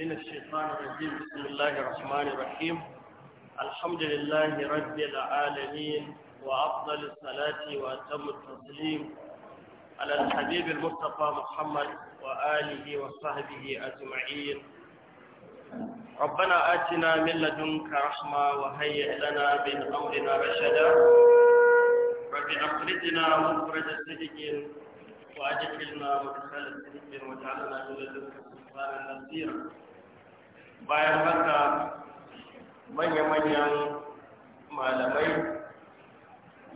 من الشيطان الرجيم بسم الله الرحمن الرحيم الحمد لله رب العالمين وأفضل الصلاة وأتم التسليم على الحبيب المصطفى محمد وآله وصحبه أجمعين ربنا آتنا من لدنك رحمة وهيئ لنا من أمرنا رشدا رب أخرجنا مخرج صدق وأجعلنا مدخل صدق وجعلنا من لدنك سلطانا نصيرا bayan haka manya-manyan malamai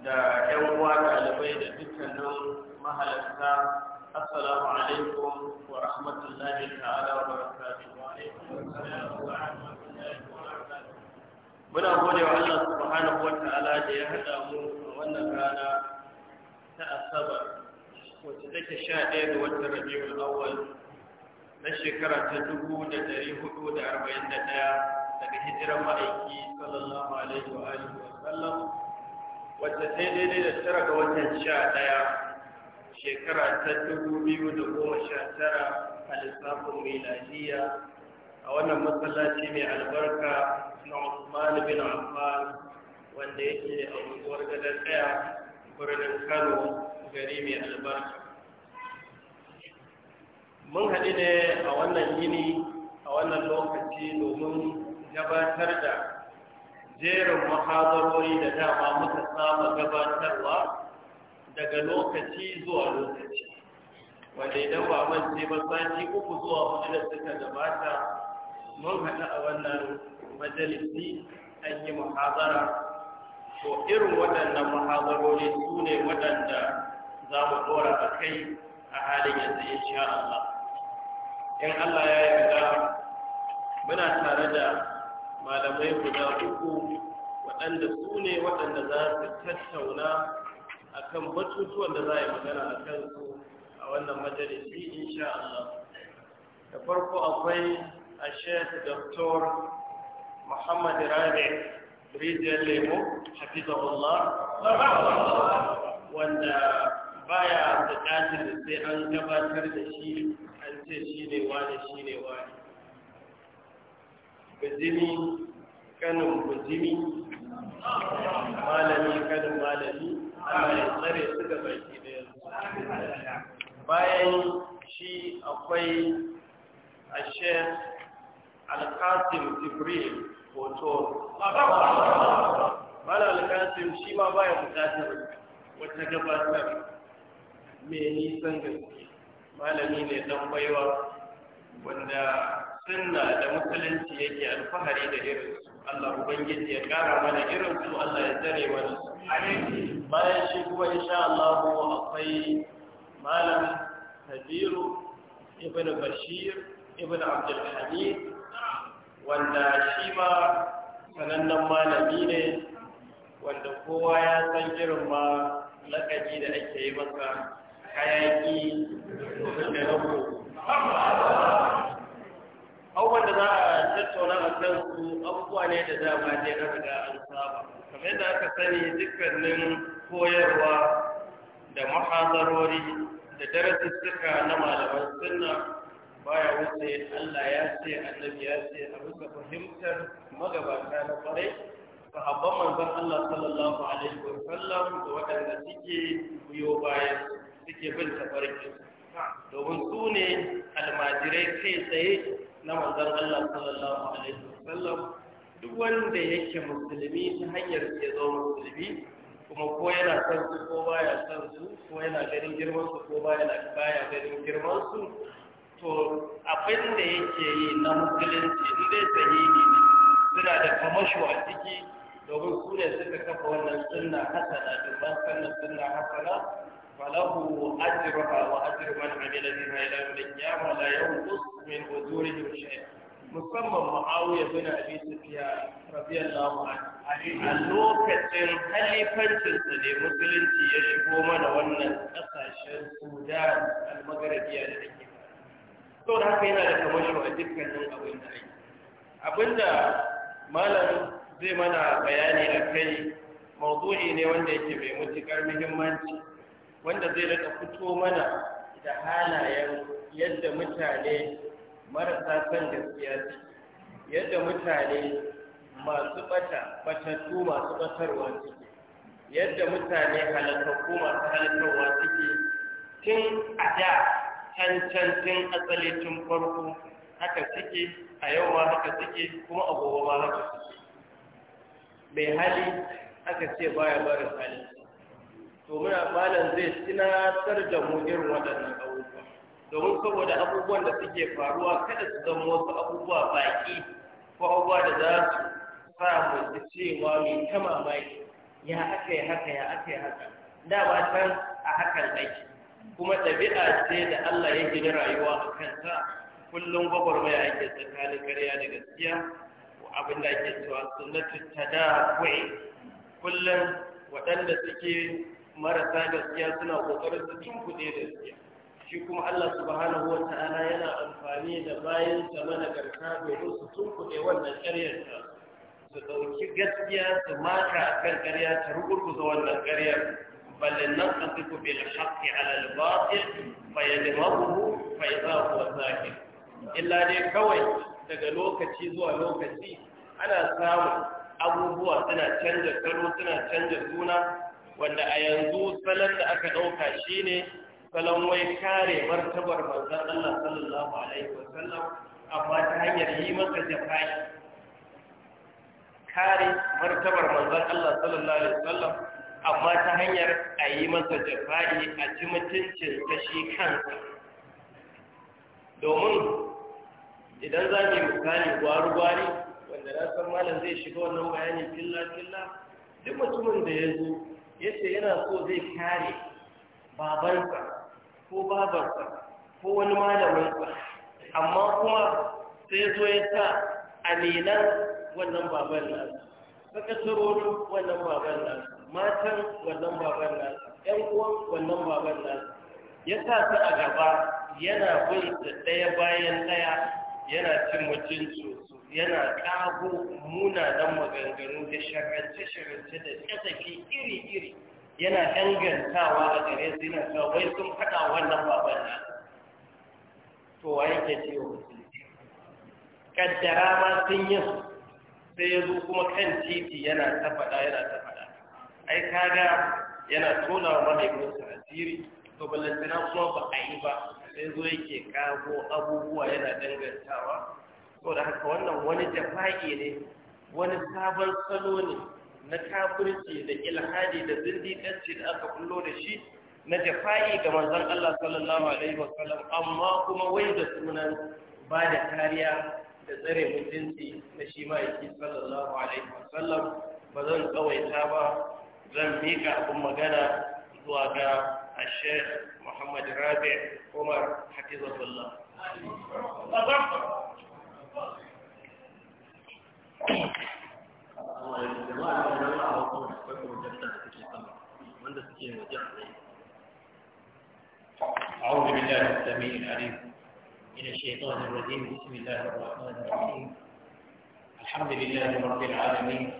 da ‘yan uwa ɗalibai da dukkanin mahalarta assalamu alaikum wa rahmatullahi ta'ala wa muna gode wa Allah subhanahu wa ta'ala da ya haɗa mu a wannan rana ta asabar wacce take sha ɗaya da watan rabiul awwal na shekara ta dubu da dari hudu da arba'in da ɗaya daga hijirar ma'aiki sallallahu alaihi wa alihi wa sallam wacce sai daidai da tara ga watan sha ɗaya shekara ta dubu biyu da goma sha tara a lissafin miladiya a wannan masallaci mai albarka na Usman bin Affan wanda yake a unguwar gadar ɗaya birnin Kano gari mai albarka mun haɗu ne a wannan yini a wannan lokaci domin gabatar da jerin mahadarori da dama muka saba gabatarwa daga lokaci zuwa lokaci wanda idan ba man ce ba sati uku zuwa hudu da suka gabata mun haɗu a wannan majalisi an yi mahazara to irin waɗannan mahadarori su ne waɗanda za mu ɗora a kai a halin yanzu insha Allah in Allah ya yarda muna tare da malamai guda uku waɗanda su ne waɗanda za su tattauna akan batutuwan da za a yi magana a kansu a wannan majalisi insha Allah da farko akwai a shek doktor muhammad rabi rijiyar lemo hafizahullah wanda baya buƙatar da sai an gabatar da shi ce shi ne wani shi ne wani bijimi kanin bijimi malami kanin malami Allah ya tsare su ga baki da yanzu bayan shi akwai ashe alkasim jibril hoto mala alkasim shi ma bayan bukatar wata gabatar mai nisan gaske malami ne dan baiwa wanda sunna da musulunci yake alfahari da irin su Allah ubangiji ya kara mana irin su Allah ya tsare mana bayan shi kuma insha Allah akwai malam Kabiru ibn Bashir ibn Abdul Hamid wanda shi ma sanannen malami ne wanda kowa ya san irin ma lakabi da ake yi masa hayaki da rago da za a tattauna a kan su abubuwa ne da dama ne an riga an saba kamar yadda aka sani dukkanin koyarwa da mahazarori da darasussuka na malaman sunna baya wuce Allah ya ce annabi ya ce a bisa fahimtar magabata na kwarai sahabban manzon Allah sallallahu alaihi wa sallam da waɗanda suke biyo bayan su suke bin tafarki domin su ne almajirai kai tsaye na manzon Allah sallallahu alaihi wasallam duk wanda yake musulmi ta hanyar ke zo musulmi kuma ko yana son su ko baya son su ko yana ganin girman su ko baya baya ganin girman su to abin da yake yi na musulunci in dai sahihi ne suna da kamasho a ciki domin su ne suka kafa wannan sunna hasana dubban sannan sunna hasana فله أجرها وأجر من عمل بها إلى يوم القيامة ينقص من أجورهم شيئا musamman ma'awiya bin abi sufiya radiyallahu anhu a lokacin halifancin sa ne musulunci ya shigo mana wannan kasashen sudan almagarabiya da haka yana da kamasho a dukkanin abin da ake abinda malam zai mana bayani a kai mawdu'i ne wanda yake mai mutukar muhimmanci wanda zai rika fito mana da halayen yadda mutane marasa son gaskiya su yadda mutane masu bata batattu masu batarwa suke yadda mutane halakakku masu halakarwa suke tun a da can can tun asali tun farko haka suke a yau ma haka suke kuma a gobe ma haka suke mai hali aka ce baya barin hali to muna malam zai tunatar da mu irin waɗannan abubuwa domin saboda abubuwan da suke faruwa kada su zama wasu abubuwa baƙi ko abubuwa da za su sa mu ji cewa mai ta mamaki ya aka yi haka ya aka yi haka ba can a hakan aiki kuma ɗabi'a ce da Allah ya gina rayuwa a kanta kullum gwagwarmaya ake tsakanin karya da gaskiya abin da ake cewa sunnatu tadawi kullum waɗanda suke marasa gaskiya suna kokarin su tunkuɗe gaskiya shi kuma Allah subhanahu wa ta'ala yana amfani da bayan sa mana garka domin su tunkuɗe wannan ƙaryar ta su ɗauki gaskiya su maka a kan ƙarya ta rugurguza wannan ƙaryar balle nan ka suku bil haqqi ala al batil fa yadmahu fa idha zahir illa dai kawai daga lokaci zuwa lokaci ana samun abubuwa suna canza kalo suna canza suna wanda a yanzu salon da aka ɗauka shi ne salon wai kare martabar manzan Allah sallallahu alaihi wasallam amma ta hanyar yi masa jafai kare martabar manzan Allah sallallahu alaihi wasallam amma ta hanyar a yi masa jafai a ci mutuncin ta shi kansa domin idan za mu yi misali gwari-gwari wanda na san malam zai shiga wannan bayani killa-killa duk mutumin da ya zo yace yana so zai kare babansa ko babarsa ko wani malaminsa amma kuma sai zo ya sa aminan wannan baban saka sakatarorin wannan baban nan, matan wannan baban nan, ƴan uwan wannan baban nan ya sa su a gaba yana bai da ɗaya bayan ɗaya yana cin mutuncinsu yana ƙago munanan maganganu da sharance-sharance da ƙasashe iri-iri yana dangantawa a gare su yana sun faɗa wannan baban na to wa yake ce wa musulunci kaddara ma sun yi sai ya zo kuma kan titi yana ta faɗa yana ta faɗa ai kaga yana tona wa mahaifinsa asiri to ballantana kuma ba a yi ba sai zo yake kago abubuwa yana dangantawa saboda haka wannan wani jafa'i ne wani sabon salo ne na kafirci da ilhadi da zindiƙanci da aka kullo da shi na jafa'i ga manzon Allah sallallahu alaihi sallam) amma kuma wai da sunan ba da kariya da tsare mutunci na shi ma'aiki sallallahu alaihi wasallam ba zan kawaita ba zan miƙa abin magana zuwa ga Ashe, محمد Rabi, Umar, حفظه أعوذ بالله السميع العليم من الشيطان الرجيم بسم الله الرحمن الرحيم الحمد لله رب العالمين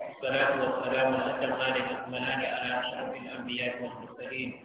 والصلاة والسلام على الأتمان الأكملان على أشرف الأنبياء والمرسلين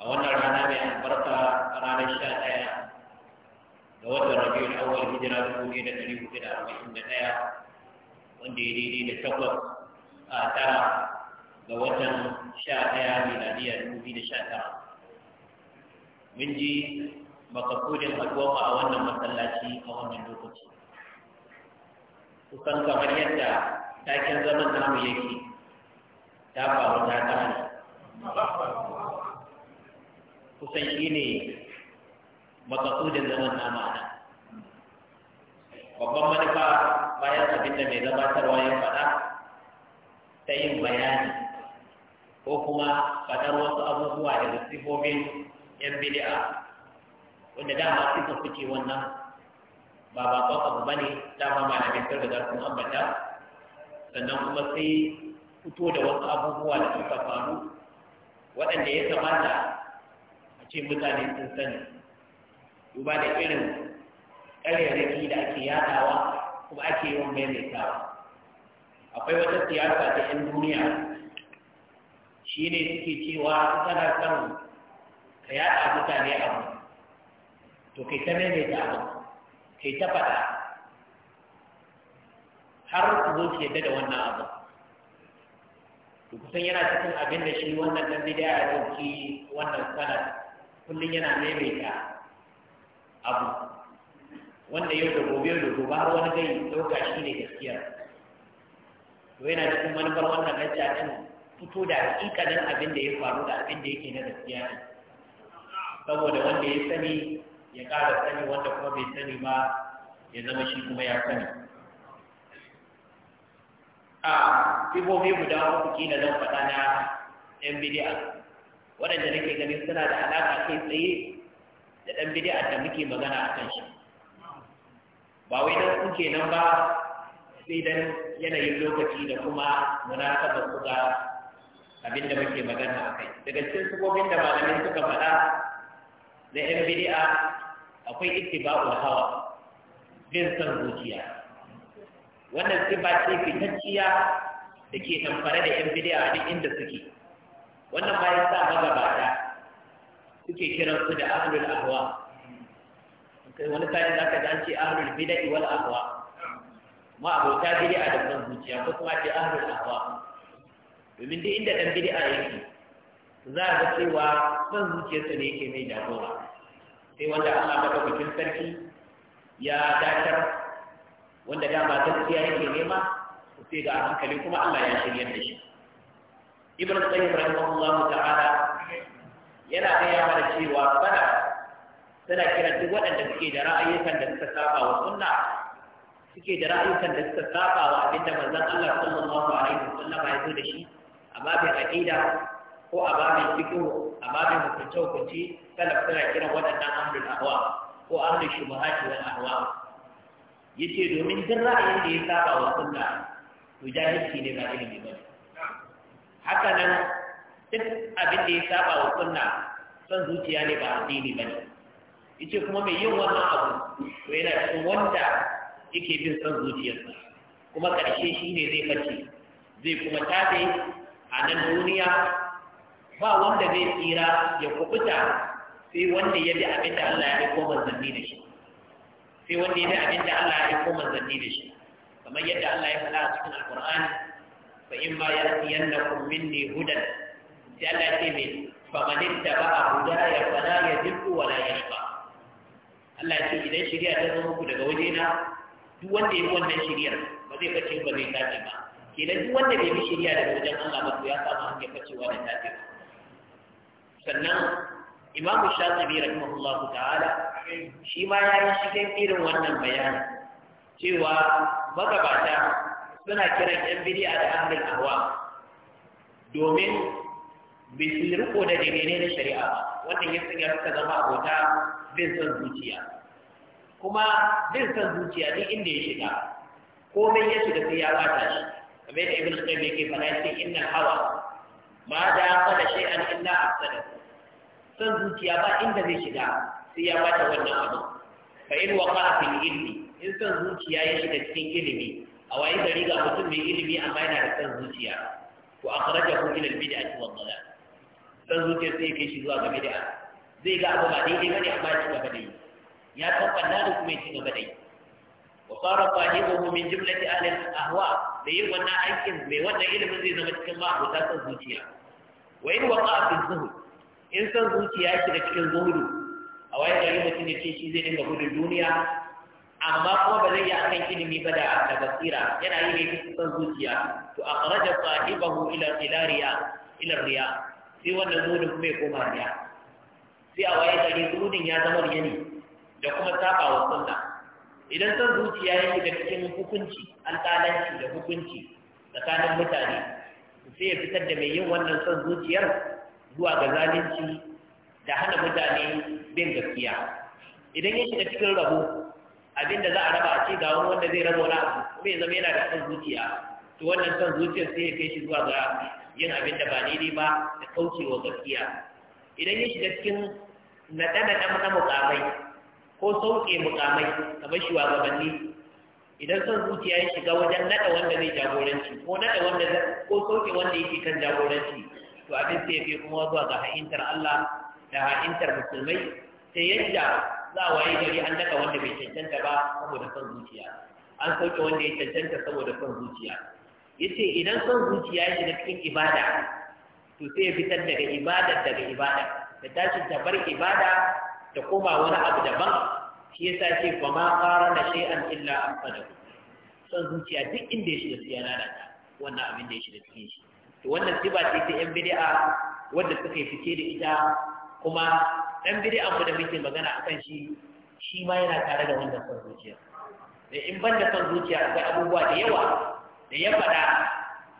a wannan rana mai albarka ranar sha ɗaya da watan rabiul awwal hijira dubu ɗaya da ɗari hudu da arba'in da ɗaya wanda ya daidai da takwas a tara ga watan sha ɗaya miladiya dubu biyu da sha tara mun ji makasudin al'umma a wannan masallaci a wannan lokaci kusan kamar yadda taken zaman namu yake ta faru ta tare kusan shi ne da zaman na ma'ana babban manufa bayan abin da mai gabatarwa ya faɗa ta yin bayani ko kuma faɗar wasu abubuwa daga sifofin yan bidi'a wanda dama suka fice wannan ba ba ba ba ba ne ma abin da za su ambata sannan kuma sai fito da wasu abubuwa da suka faru waɗanda ya kamata ce mutane sun sani duba da irin ƙaryarraki da ake yadawa kuma ake wa maimaitawa akwai wata siyasa ta 'yan duniya shi ne suke cewa tana son ka yada mutane abu to kai ta maimaita abu kai ta faɗa har su zo su yadda da wannan abu kusan yana cikin abin da shi wannan ɗan bidiyar ya ɗauki wannan sanar kullum yana maimaita abu wanda yau da gobe da gobe har wani gai dauka shi ne gaskiya to yana cikin manufar wannan lacca din fito da hakikanin abin da ya faru da abin da yake na gaskiya ne saboda wanda ya sani ya ƙara sani wanda kuma bai sani ba ya zama shi kuma ya sani a sifofi guda uku kila zan faɗa na yan bidi'a waɗanda nake ganin suna da alaƙa kai tsaye da ɗan bidi'a da muke magana a kan shi ba wai dan ku kenan ba sai don yanayin lokaci da kuma munasabar su ga abin da muke magana a kai daga cikin sufofin da malamin suka faɗa na yan bidi'a, akwai ittiba'ul hawa bin san zuciya wannan sifa ce fitacciya da ke tamfare da yan bidi'a a duk inda suke wannan ba ya sa ta suke kiran su da ahlul ahwa kai wani kaji za ka dace ahlul bid'a wal ahwa ma abota a da kan zuciya ko kuma ce ahlul ahwa domin duk inda dan a yake za ga cewa zuciya su ne yake mai jagora sai wanda Allah bikin sarki ya dakar wanda dama gaskiya yake nema sai ga hankali kuma Allah ya shirya da shi ibn qayyim rahimahullahu ta'ala yana gaya mana cewa sana suna kira duk waɗanda suke da ra'ayyukan da suka saba wa sunna suke da ra'ayyukan da suka saba wa abinda manzon Allah sallallahu alaihi wasallam ya zo da shi a babin aqida ko a babin fiqh a babin hukunce hukunci salaf suna kiran waɗannan ahlul ahwa ko ahlul shubuhat wal ahwa yace domin duk ra'ayin da ya saba wa sunna to jahilci ne ba ilimi ba haka nan duk abin da ya saba wa sunna son zuciya ne ba addini ba ne yace kuma mai yin wannan abu to yana cikin wanda yake bin son zuciyarsa kuma ƙarshe shi ne zai bace zai kuma tafe a nan duniya ba wanda zai tsira ya kubuta sai wanda ya bi abin da Allah ya aiko manzanni da shi sai wanda ya bi abin da Allah ya aiko manzanni da shi kamar yadda Allah ya faɗa a cikin Alƙur'ani fa in ma yannakum minni hudan sai Allah ce me fa man ittaba hudaya fala yadhillu wala yashqa Allah ce idan shirya ta zama ku daga waje na duk wanda ya wannan shiryar ba zai bace ba zai tace ba kenan duk wanda bai bi shirya daga wajen Allah ba to ya samu hanyar bacewa da tace ba sannan Imam Shafi'i rahimahullahu ta'ala shi ma ya yi shigen irin wannan bayani cewa magabata suna kiran yan bidiya da ahlul ahwa domin bisu riko da dalilai na shari'a wannan ya sanya suka zama abota bin son zuciya kuma bin son zuciya duk inda ya shiga komai ya shiga sai ya bata shi kamar yadda ibn qayyim yake fara yace inna hawa ma da an shay'an illa afsada son zuciya ba inda zai shiga sai ya bata wannan abu fa in waqa'a fil ilmi in son zuciya ya shiga cikin ilimi a wayi gari ga mutum mai ilimi amma yana da san zuciya to akhrajahu ila al a wa dhalal san zuciya sai kai shi zuwa ga bid'a zai ga abu ba dai bane amma ya ci gaba da yi ya tabbata da kuma ya ci gaba da yi wa sara sahibuhu min jumlati ahli al-ahwa da yin wannan aikin mai wannan ilimin zai zama cikin ma'abota san zuciya wa in waqa fi zuhud in san zuciya ya da cikin zuhudu a wayi gari mutum ya ce shi zai dinga gudun duniya amma kuma ba zai yi akan ilimi ba da da basira yana yi ne cikin zuciya to akhraja sahibahu ila ila ila riya sai wannan zuhudin kuma ya koma riya sai a waye gari zuhudin ya zama riya ne da kuma saba wa sunna idan san zuciya ya shiga cikin hukunci alƙalanci da hukunci tsakanin mutane sai ya fitar da mai yin wannan son zuciyar zuwa ga zalunci da hana mutane bin gaskiya idan ya shiga cikin rabo abinda za a raba a ce ga wani wanda zai raba wani abu kuma ya zama yana da son zuciya to wannan son zuciyar sai ya kai shi zuwa ga yin abin da ba daidai ba da kaucewa gaskiya idan ya shiga cikin naɗa ɗan na mukamai ko sauƙe mukamai kamar shugabanni idan son zuciya ya shiga wajen naɗa wanda zai jagoranci ko naɗa wanda ko sauƙe wanda yake kan jagoranci to abin sai ya fi kuma zuwa ga ha'intar Allah da ha'intar musulmai sai yadda za a waye gari an daga wanda bai cancanta ba saboda son zuciya an sauke wanda ya cancanta saboda son zuciya yace idan son zuciya ya shiga cikin ibada to sai ya fitar daga ibada daga ibada da tashi ta bar ibada ta koma wani abu daban shi yasa ce fa ma qara na shay'an illa afsadahu son zuciya duk inda ya shiga sai da wannan abin da ya shiga cikin shi to wannan siba ce ta yan bid'a wanda suka yi fice da ita kuma dan biri abu da muke magana akan shi shi ma yana tare da wannan son zuciya da in ban da son zuciya akwai abubuwa da yawa da ya faɗa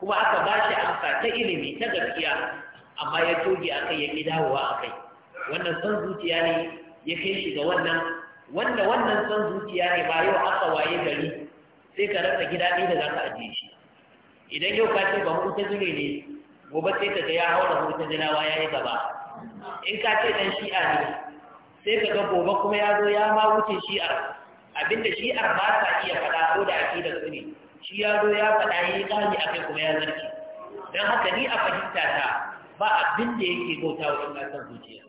kuma aka ba shi amsa ta ilimi ta gaskiya amma ya toge a kai ya ƙi dawowa a kai wannan son zuciya ne ya kai shi ga wannan wanda wannan son zuciya ne ba yau aka waye gari sai ka rasa gida ɗaya da za ka ajiye shi idan yau ka ce ba mu ta zure ne gobe sai ka ga ya da mu ta jinawa ya yi gaba in ka ce dan shi'a ne sai ka ga gobe kuma ya zo ya ma wuce shi'ar abinda shi'ar ba ta iya faɗa ko da da su ne shi ya zo ya faɗa ya yi ƙari a kai kuma ya zarce don haka ni a fahimta ta ba abin da yake bauta wa ina son zuciya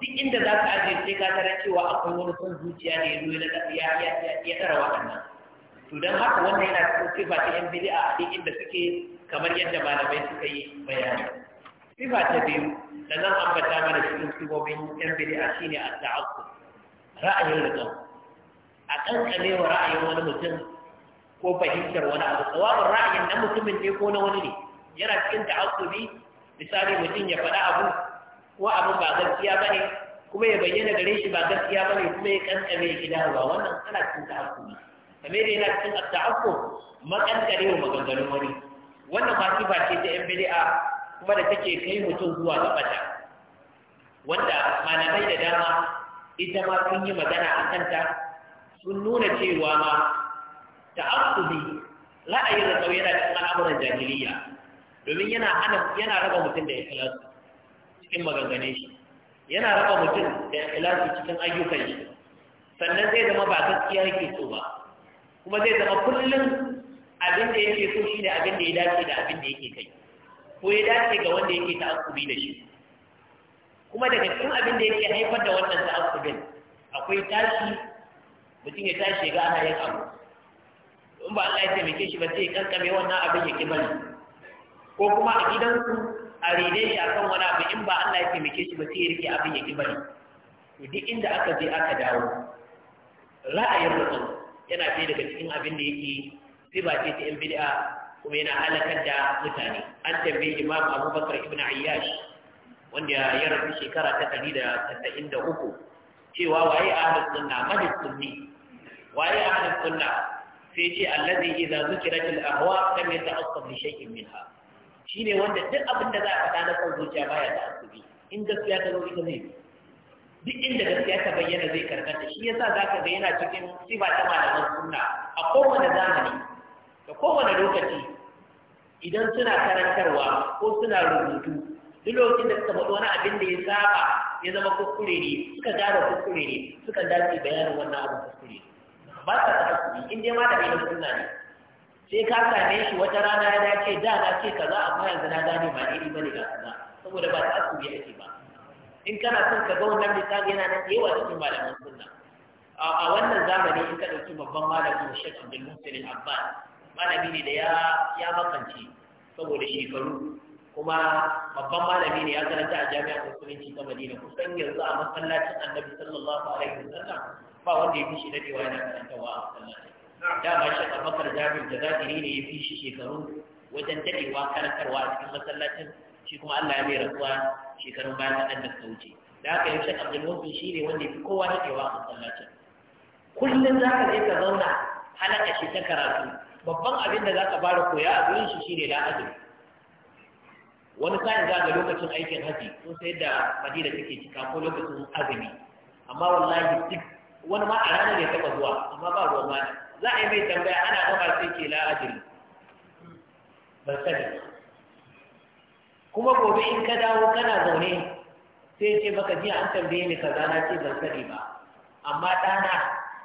duk inda za ka ajiye sai ka tara cewa akwai wani son zuciya da ya zo ya ya wa waɗannan to don haka wanda yana cikin sifa ta yan biri a duk inda suke kamar yadda malamai suka yi bayani sifa ta biyu da zan ambata mana cikin sifofin yan shi ne at-ta'aqqu ra'ayin rikau a kankane wa ra'ayin wani mutum ko fahimtar wani abu tsawabin ra'ayin na mutumin ne ko na wani ne yana cikin ta'assubi misali mutum ya faɗa abu ko abu ba gaskiya ba ne kuma ya bayyana gare shi ba gaskiya ba ne kuma ya kankame shi da ba wannan ana cikin ne. kamar da yana cikin ta'assub makankare wa maganganun wani wannan ma sifa ce ta yan bid'a kuma da take kai mutum zuwa gabata wanda malamai da dama ita ma sun yi magana a kanta sun nuna cewa ma ta'assudi ra'ayin rasau yana cikin al'amuran jahiliya domin yana hana yana raba mutum da ikhlasu cikin maganganun shi yana raba mutum da ikhlasu cikin ayyukan shi sannan zai zama ba gaskiya yake so ba kuma zai zama kullum abin da yake so shine abin da ya dace da abin da yake kai ko ya dace ga wanda yake ta'assubi da shi kuma daga cikin abin da yake haifar da wannan ta'assubin akwai tashi mutum ya tashi ga ana yin abu in ba Allah ya taimake shi ba sai kankame wannan abin ya bari ko kuma a gidansu a rene shi akan wani abu in ba Allah ya taimake shi ba sai ya rike abin ya bari to duk inda aka je aka dawo ra'ayin mutum yana ɗaya daga cikin abin da yake sai ba ce ta yan bidi'a. kuma yana halakar da mutane an tambayi imam abubakar ibn ayyash wanda ya rabu shekara ta ɗari da tasa'in da uku cewa waye ahlus sunna madis sunni waye ahlus sunna sai ce allazi idza zukirat al ahwa lam yata'assab li shay'in minha ne wanda duk abin da za a faɗa na son zuciya baya da asubi in gaskiya ta zo ita ne? duk inda gaskiya ta bayyana zai karkata shi yasa zaka ga yana cikin sifa ta malaman sunna a kowane zamani da kowane lokaci idan suna karantarwa ko suna rubutu duk lokacin da suka faɗi wani abin da ya saba ya zama kuskure ne suka gane kuskure ne suka dace bayanin wannan abin kuskure ba sa ta kuskure in dai ma da bai sunna ne sai ka same shi wata rana ya dace da na ce kaza amma yanzu na gane ba iri bane ga kaza saboda ba ta kuskure ake ba in kana son ka ga wannan misali yana nan yawa cikin malaman sunna a wannan zamani in ka ɗauki babban malamin shekh abdul muhsin abbas malami ne da ya ya makance saboda shekaru kuma babban malami ne ya karanta a jami'ar musulunci ta madina kusan yanzu a masallacin annabi sallallahu alaihi wasallam ba wanda ya fi shi dadewa yana karantawa a da dama shi abakar jabir da zahiri ne ya fi shi shekaru wajen dadewa karantarwa a cikin masallacin shi kuma allah ya mai rasuwa shekarun bayan da da ta wuce da aka yi yau da abdulmumin shi ne wanda ya fi kowa dadewa a masallacin kullum za ka je ka zauna halaka shi ta karatu babban abin da za ka fara koya a gurin shi shine da azumi wani sa'in za ga lokacin aikin haji sun sai da madina take cika ko lokacin azumi amma wallahi duk wani ma a ranar ne taɓa zuwa amma ba ruwan mana za a yi mai tambaya ana gama sai ke la ajiri ban sani kuma gobe in ka dawo kana zaune sai ce maka jiya an tambaye ni kaza na ce ban sani ba amma ɗana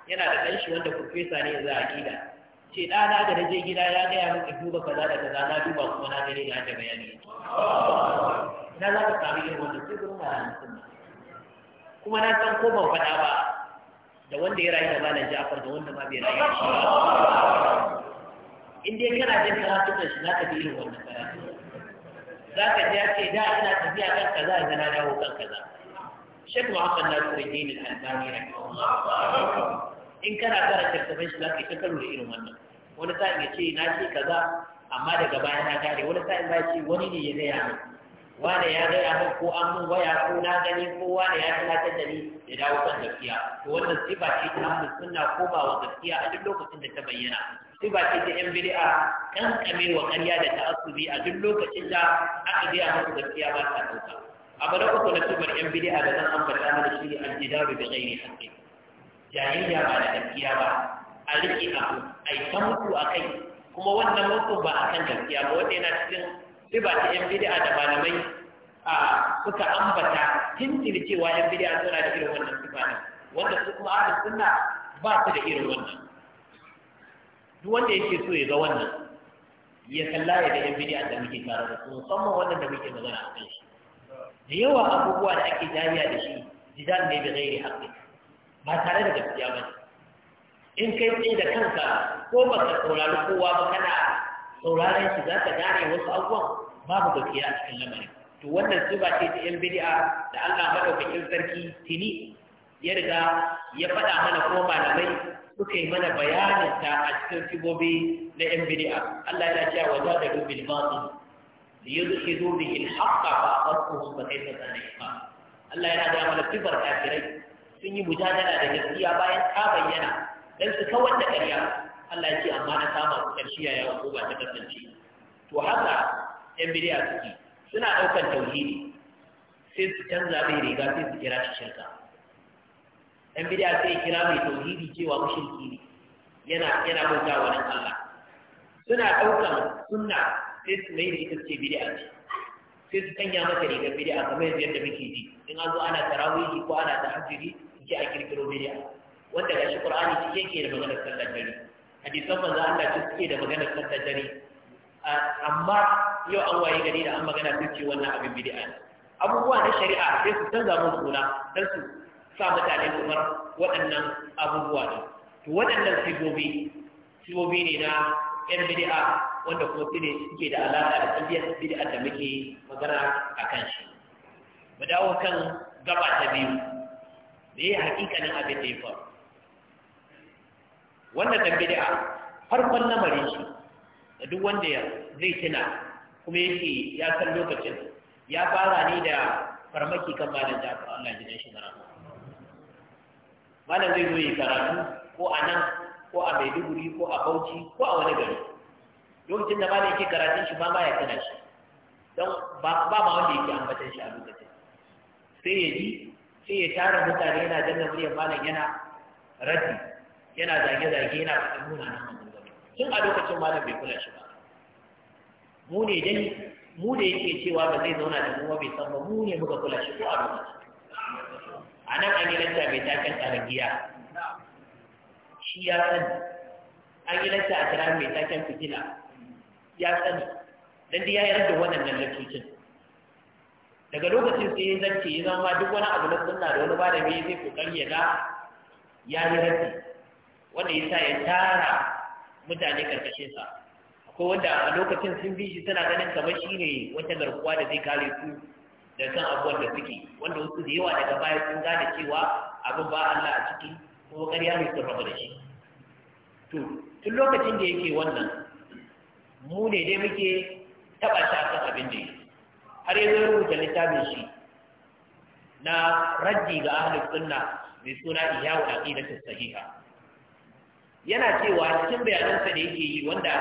yana da ɗanshi wanda profesa ne za a gida ce ɗana da na je gida ya gaya min ka duba kaza da kaza na duba kuma na gani na da bayani na za ka sami irin wannan sai gurin malamin sun kuma na san ko ban faɗa ba da wanda ya rayu da malam Ja'far da wanda ma bai rayu da shi in dai kana jin karatu da shi za ka bi irin wannan karatu za ka ja ya ce da ina tafiya kan kaza da na dawo kan kaza na Muhammad Nasiruddin Al-Albani rahimahullah in kana karanta littafin shi za ita karo da irin wannan wani sa'in ya ce na ce kaza amma daga baya na gane wani sa'in ba ce wani ne ya gaya min wane ya gaya min ko an mun waya ko na gani ko wane ya tunatar da ni ya dawo kan gaskiya to wannan sifa ce ta hannu sunna ko ba wa gaskiya a duk lokacin da ta bayyana sifa ce ta yan bid'a kan kame wa ƙarya da ta'assubi a duk lokacin da aka gaya musu gaskiya ba ta dauka abu na uku na sifar yan bid'a da zan ambata mana shi ne al-jidaru bi ghairi haske. jariya ba da gaskiya ba a riƙe a a yi ta mutu a kai kuma wannan mutu ba a kan gaskiya ba wanda yana cikin riba ta yan bid'a da malamai a suka ambata tintiri cewa yan bid'a suna da irin wannan sifa nan wanda su kuma ahlus sunna ba su da irin wannan duk wanda yake so ya ga wannan ya kalla ya ga yan bid'a da muke tare da su musamman wannan da muke magana a kan shi da yawa abubuwa da ake jariya da shi jidan ne da gairi haƙƙi ba tare da gaskiya ba in kai tsaye da kanka ko ba ka saurari kowa ba kana sauraron shi za ka gane wasu abubuwan babu gaskiya a cikin lamarin to wannan sifa ce ta yan bidi'a, da Allah madaukakin sarki tini ya riga ya faɗa mana ko malamai suka yi mana bayanin ta a cikin sibobi na yan bidi'a. Allah yana cewa wa da da zo da batil liyudhidu bihi al-haqqa fa aqaduhu fa kayfa tanfa Allah yana da mana sifar kafirai sun yi mujadala da gaskiya bayan ta bayyana dan su kawar da ƙarya Allah ya ce amma na kama su karshe ya yawa ko ba ta kasance to haka yan bidiya suke suna ɗaukar tauhidi sai su canza mai riga sai su kira shi shirka yan bidiya sai kira mai tauhidi cewa mushirki ne yana yana bauta wa nan Allah suna ɗaukar sunna sai su mai riga ce bidiya ce sai su canja mata rigar bidiya kamar yadda muke ji in an zo ana tarawihi ko ana tahajjudi sai a kirkiro bid'a wanda gashi qur'ani shi yake da maganar sallar dare hadisan manzo Allah shi suke da maganar sallar dare amma yau an waye gari da an magana duk ce wannan abin bid'a ne abubuwa na shari'a sai su canza mun suna dan su sa mutane kamar waɗannan abubuwa ne to waɗannan sibobi sibobi ne na yan bid'a wanda kuma su ne suke da alaƙa da tsabiyar bid'a da muke magana a kan shi mu dawo kan gaba ta biyu da ya haƙiƙanin abin da ya faru wannan dan da farkon lamarin shi da duk wanda ya zai tuna kuma yake ya san lokacin ya fara ne da farmaki kan malam aka Allah gidan shi na malam zai zo yi karatu ko a nan ko a Maiduguri ko a Bauchi ko a wani gari lokacin da malam yake karatun shi ba ma ya tana shi don ba ma wanda yake ambatan shi a lokacin sai ya ji sai ya tara mutane yana danna muryar malam yana raddi yana zage-zage yana faɗin nuna na manzanni tun a lokacin malam bai kula shi ba mu ne dai mu da yake cewa ba zai zauna da kuma bai san ba mu ne muka kula shi ko a lokacin a nan an yi lanta mai taken tsarangiya shi ya sani an yi lanta a kira mai taken fitila ya sani dan dai ya yarda wannan lantocin daga lokacin sai ya zance ya zama duk wani abu na sunna da wani malami zai kokari ya ga ya yi rabi wanda ya sa ya tara mutane karkashin sa akwai wanda a lokacin sun bi shi suna ganin kamar shi ne wata garkuwa da zai kare su da kan abubuwan da suke wanda wasu da yawa daga baya sun gane cewa abin ba Allah a ciki kuma ƙarya ne sun rabu da shi to tun lokacin da yake wannan mu ne dai muke taɓa shafin abin da yake har yanzu rubuta littafin shi na raddi ga ahlus sunna mai suna ihya'u aqidatus sahiha yana cewa cikin bayanansa da yake yi wanda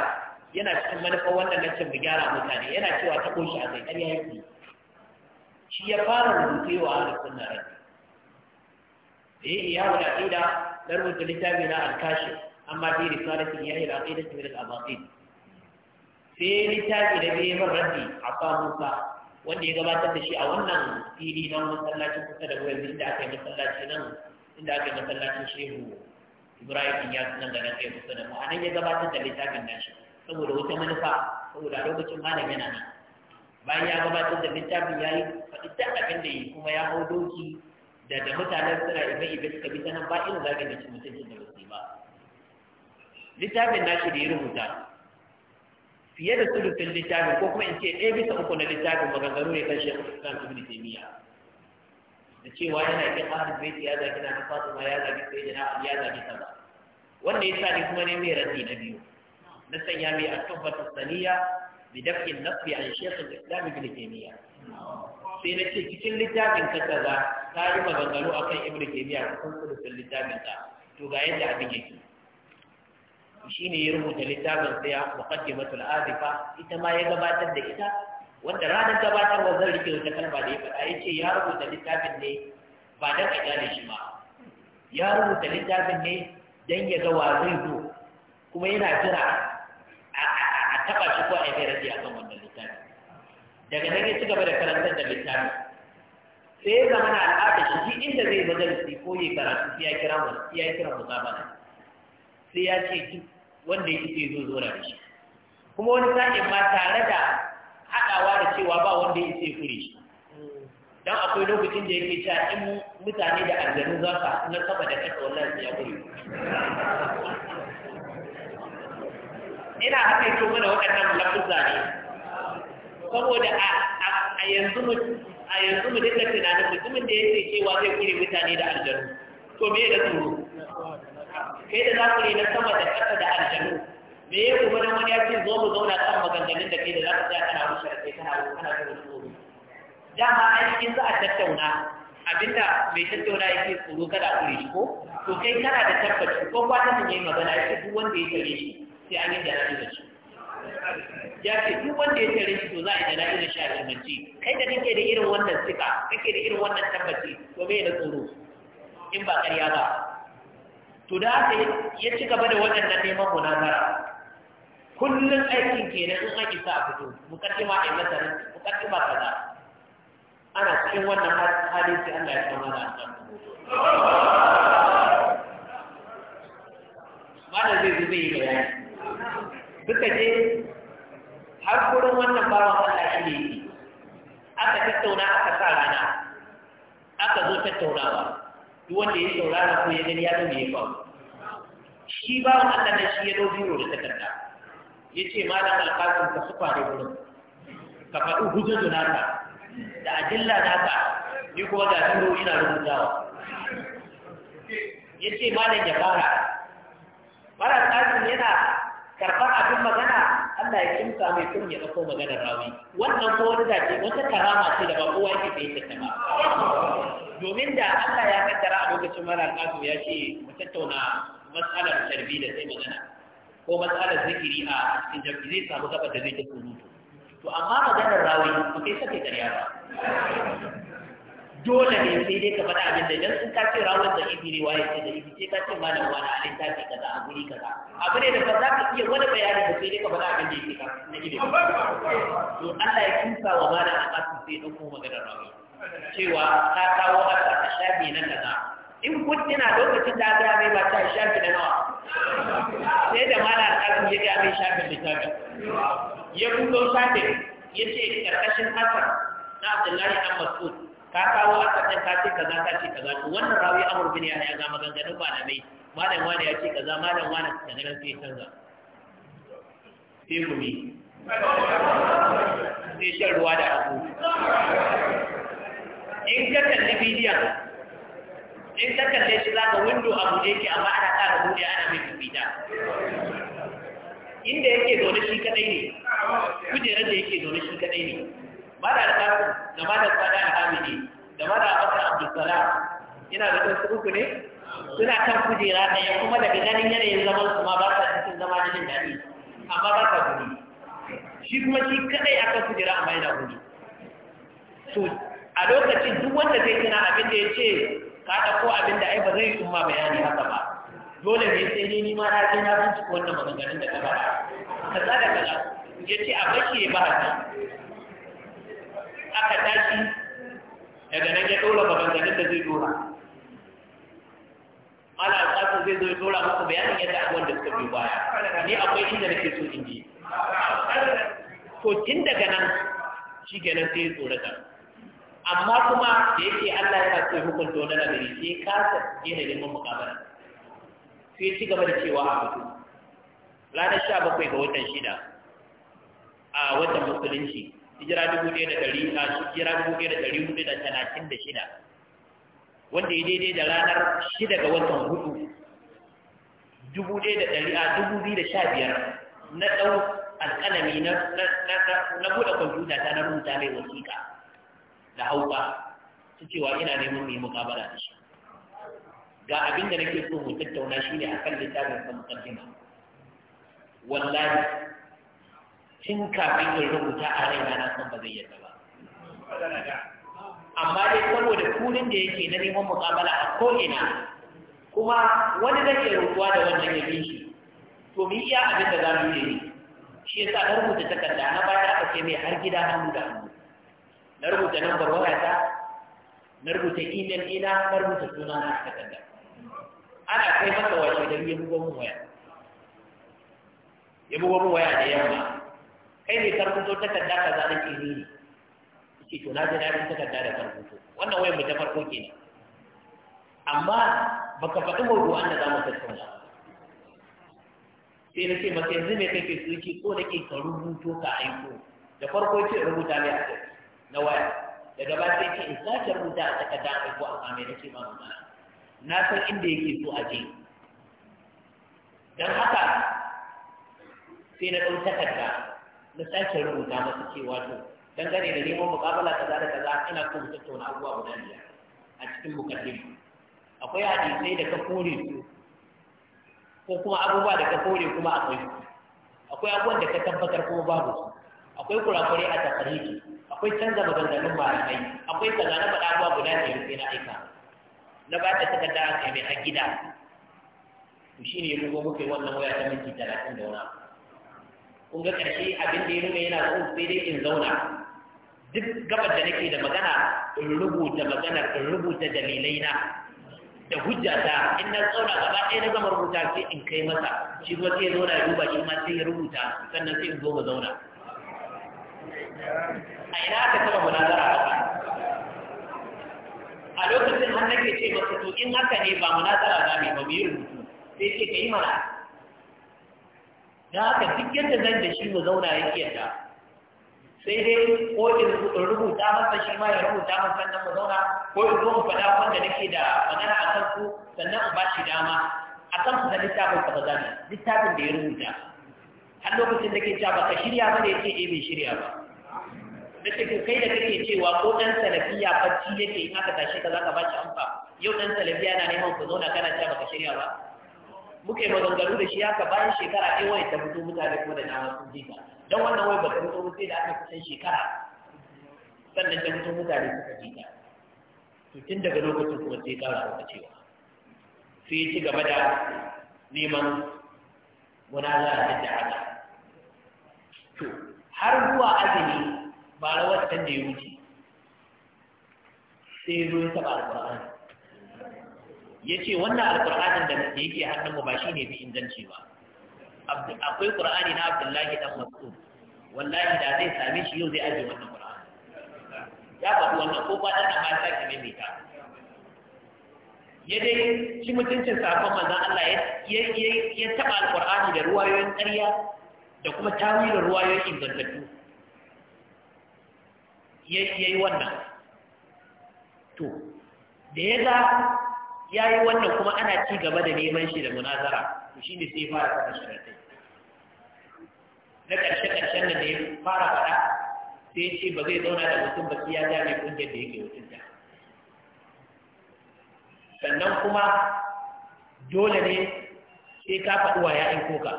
yana cikin manufa wanda na mu gyara mutane yana cewa ta kunshi a kai ƙarya yake shi ya fara rubutewa a ahlus sunna raddi eh ihya'u aqida na rubuta littafin na amma al-kashif amma bi risalati ihya'u aqidatu min al-abatil sai littafi da bai yin raddi a fa Musa wanda ya gabatar da shi a wannan fili na masallacin kusa da wuyan inda aka yi masallaci nan inda aka yi masallacin shehu ibrahim ya suna da nan kai kusa da mu a nan ya gabatar da littafin nashi saboda wata manufa saboda a lokacin malam yana nan bayan ya gabatar da littafin ya yi faɗi ta abin da yi kuma ya hau doki da da mutanen suna ibe ibe suka bi ta nan ba irin zagin da mutum da ba ba littafin nashi da ya rubuta fiye da sulutun littafin ko kuma in ce ɗaya bisa uku na littafin maganganu ne kan shekul islam ibn taymiya da cewa yana kin ahlul bait ya zagi na fatima ya zagi da ali ya zagi kaza wanda yasa ni kuma ne mai raddi na biyu na sanya mai at-tuhfatu saniya bi daf'i an-nasbi an da islam ibn jami'a? sai na ce cikin littafin ka kaza ka yi maganganu akan ibn taymiya kan sulutun littafin ka to ga yadda abin yake ne ya rubuta littafin sai muqaddimatul fa, ita ma ya gabatar da ita wanda ranar gabatarwa zan rike wata kalma da ya faɗa ya ce ya rubuta littafin ne ba don a gane shi ba ya rubuta littafin ne don ya ga wa zai zo kuma yana jira a taɓa shi ko a yi rabi a kan wannan littafin daga nan ya ci gaba da karantar da littafin sai ya zama na al'ada shi shi inda zai majalisi ko ya karatu sai ya kira mu sai ya kira mu zamana sai ya ce duk wanda ya ce zo zo da shi kuma wani sa'in ma tare da haɗawa da cewa ba wanda ya ce kure shi dan akwai lokacin da yake cewa in mutane da aljanu za ka na saba da kasa wallahi ya kure ina haka yake mana waɗannan lafuzza ne saboda a yanzu mu a yanzu mu dinga tunanin mutumin da yake cewa zai kure mutane da aljanu to me da tsoro kai da za ku ne na sama da ƙasa da aljanu me ya kuma na wani ya zo mu zauna kan maganganun da kai da za ka tsaya kana rushe da kai kana kana da wani a dama kin za a tattauna abinda mai tattauna yake tsoro kada a kure shi ko to kai kana da tabbaci ko ta mun yi magana yake duk wanda ya tare shi sai an yi da rabi da shi ya ce duk wanda ya tare shi to za a yi da rabi da shi a tabbaci kai da kake da irin wannan sika kake da irin wannan tabbaci to me da tsoro in ba ƙarya ba to da aka ya ci gaba da waɗannan neman munazara kullum aikin kenan in an isa a fito mukaddima ɗin nasarin mukaddima kaza ana cikin wannan hali sai Allah ya kama da annabi mana zai zo zai yi bayani duka je har gurin wannan bawan Allah shi ne aka tattauna aka sa rana aka zo tattaunawa duk wanda ya saurara ko ya gani ya zama ya faru shi ba wa Allah da shi ya dau biro da takarda ya ce malam alƙasim ka su faru gurin ka faɗi hujjoji naka da adilla naka ni kuma ga biro ina rubutawa ya ce malam ya fara mara tsarin yana karɓar abin magana Allah ya kimsa mai kun ya ɗauko maganar rawi wannan ko wani dace wata karama ce da ba kowa yake da ita domin da Allah ya kaddara a lokacin mara alƙaso ya ce mu tattauna matsalar tarbi da sai magana ko matsalar zikiri a cikin zai samu gaba da zai ta to amma maganar rawi ba kai sake ƙarya ba dole ne sai dai ka faɗa abin da idan sun ka ce rawar da ibi ne waye ce da ibi ce ka ce malam wani ta ce kaza a guri kaza abu ne da ba za ka iya wani bayani da sai dai ka faɗa abin da yake na ibi to Allah ya kusa wa malam a kasu sai ɗan kuma maganar rawar cewa ta kawo asa ta shafi na kaza in kun tana lokacin da aka mai ba ta shafi na nawa sai da malam a kasu ya ga mai shafin littafi ya kuma shafin ya ce ƙarƙashin hasan na Abdullahi Ahmad Sud ka kawo aka ɗan ka ce kaza ka ce kaza to wannan rawi amur bin yahya ga maganganun malamai malam wani ya ce kaza malam wani daga nan sai canza sai gumi sai shan ruwa da abu in ka kalli bidiyon in ka kalli shi za ka windo abu da yake amma ana ƙara buɗe ana mai fifita inda yake zaune shi kaɗai ne kujerar da yake zaune shi kaɗai ne da kafin da mala da alhamidi da mala abakar abdulsalam ina da kansu uku ne suna kan kujera da ya kuma daga ganin yanayin zaman su ma ba sa cikin zama da jin daɗi amma ba sa guri shi kuma shi kaɗai a kan kujera amma yana guri to a lokacin duk wanda zai tuna abin da ya ce ka ɗauko abin da ai ba zai kuma bayani haka ba dole ne sai ni ni ma na je na bincika wannan maganganun da ka ba. ka tsada kaza ya ce a bashi ya ba haka aka tashi daga nan ya dora maganganun da zai dora ala alƙasa zai zo ya dora masa bayanin yadda abuwan da suka biyu baya ni akwai inda nake so in je to tun daga nan shi kenan sai ya tsorata amma kuma da yake Allah ya sa ya hukunta wani nagari sai kasa yana neman mukabara sai ci gaba da cewa a fito ranar sha bakwai ga watan shida a watan musulunci hijira dubu ɗaya da ɗari a hijira dubu ɗaya da ɗari hudu da talatin da shida wanda ya daidai da ranar shida ga watan hudu dubu ɗaya da ɗari a dubu biyu da sha biyar na ɗau alƙalami na na buɗe kwamfuta ta na rubuta mai wasiƙa da hauka ta cewa ina neman mai muƙabala da shi ga abin da nake so mu tattauna shi ne kan littafin sa muqaddima wallahi tun kafin ya rubuta a raina na san ba zai yarda ba amma dai saboda kurin da yake na neman mukamala a ko'ina kuma wani zai iya rubuwa da wannan ya shi to mu iya abin da za mu yi shi ya sa na rubuta takarda na baya aka ce mai har gida hannu da hannu na rubuta lambar wayata na rubuta email ina na rubuta suna na takarda ana kai masa washe da ya bugo mun waya ya bugo waya da yamma kai ne ka rubuto takarda ka za nake ni ne ce to na je na rubuta takarda da ka rubuto wannan wayar mu ta farko kenan amma baka faɗi mawdu'an da za mu tattauna sai na ce maka yanzu me kake so yake ko ke ka rubuto ka aiko da farko ce rubuta ne a na waya daga ba sai ce in sake rubuta a takarda aiko a kame na ce ba mu na san inda yake so a je don haka sai na ɗau takarda na sake rubuta masa cewa to dangane da neman mukabala kaza da kaza ina so mu tattauna abubuwa guda biyar a cikin mukaddima akwai hadisai da ka kore su ko kuma abubuwa da ka kore kuma akwai su akwai abubuwan da ka tabbatar kuma babu su akwai kurakurai a tafariki akwai canza maganganun malamai akwai kaza na faɗa abubuwa guda biyar sai na aika na ba ta takarda a kai mai a gida to shine ya muka muke wannan waya ta minti talatin da wani abu kun ga ƙarshe abin da ya nuna yana so sai dai in zauna duk gabar da nake da magana in rubuta magana in rubuta dalilai na da hujjata in na tsauna gaba ɗaya na gama rubuta sai in kai masa shi kuma sai ya zauna ya duba shi ma sai ya rubuta sannan sai in zo mu zauna a ina aka taɓa munazara haka a lokacin har nake ce masa to in haka ne ba munazara za mu ba mu yi rubutu sai ce ka yi mana da aka duk yadda zan da shi mu zauna ya yadda sai dai ko in rubuta masa shi ma ya rubuta masa sannan mu zauna ko in zo mu faɗa wanda nake da magana a kan su sannan in ba shi dama a kan su na littafin ka ba za littafin da ya rubuta har lokacin da ke cewa ba ka shirya ba da ya ce eh bai shirya ba da take kai da kake cewa ko dan salafiya bacci yake in aka tashi ka zaka ba shi amfa yau dan salafiya na neman ku zauna kana cewa ka shirya ba muke maganganu da shi haka bayan shekara ɗin wani ta fito mutane kuma da dama sun jika don wannan wai ba ta fito sai da aka kusan shekara sannan ta fito mutane suka ji to tun daga lokacin kuma sai ƙara wata cewa sai ya ci gaba da neman munazara da haka to har zuwa azumi ba rawar can da ya wuce sai ya zo ya taɓa alƙur'ani Ya ce wannan alqur'anin da yake hannun mu ba ne bi inganci ba akwai ƙur'ani na Abdullahi ɗan Mas'ud wallahi da zai same shi yau zai aje wannan ƙur'ani ya faɗi wannan ko ɗan nan ma sake maimaita ya dai shi mutuncin safon manzon Allah ya ya taba da ruwayoyin ƙarya da kuma tawilin ruwayoyin ingantattu yi wannan to da ya ga ya yi wannan kuma ana ci gaba da neman shi da munazara to shi ne sai fara faɗa sharatai na ƙarshe-ƙarshen nan da ya fara faɗa sai ce ba zai zauna da mutum ba sai ya ja mai ƙungiyar da yake ta. sannan kuma dole ne sai ka faɗi wa ya'yan koka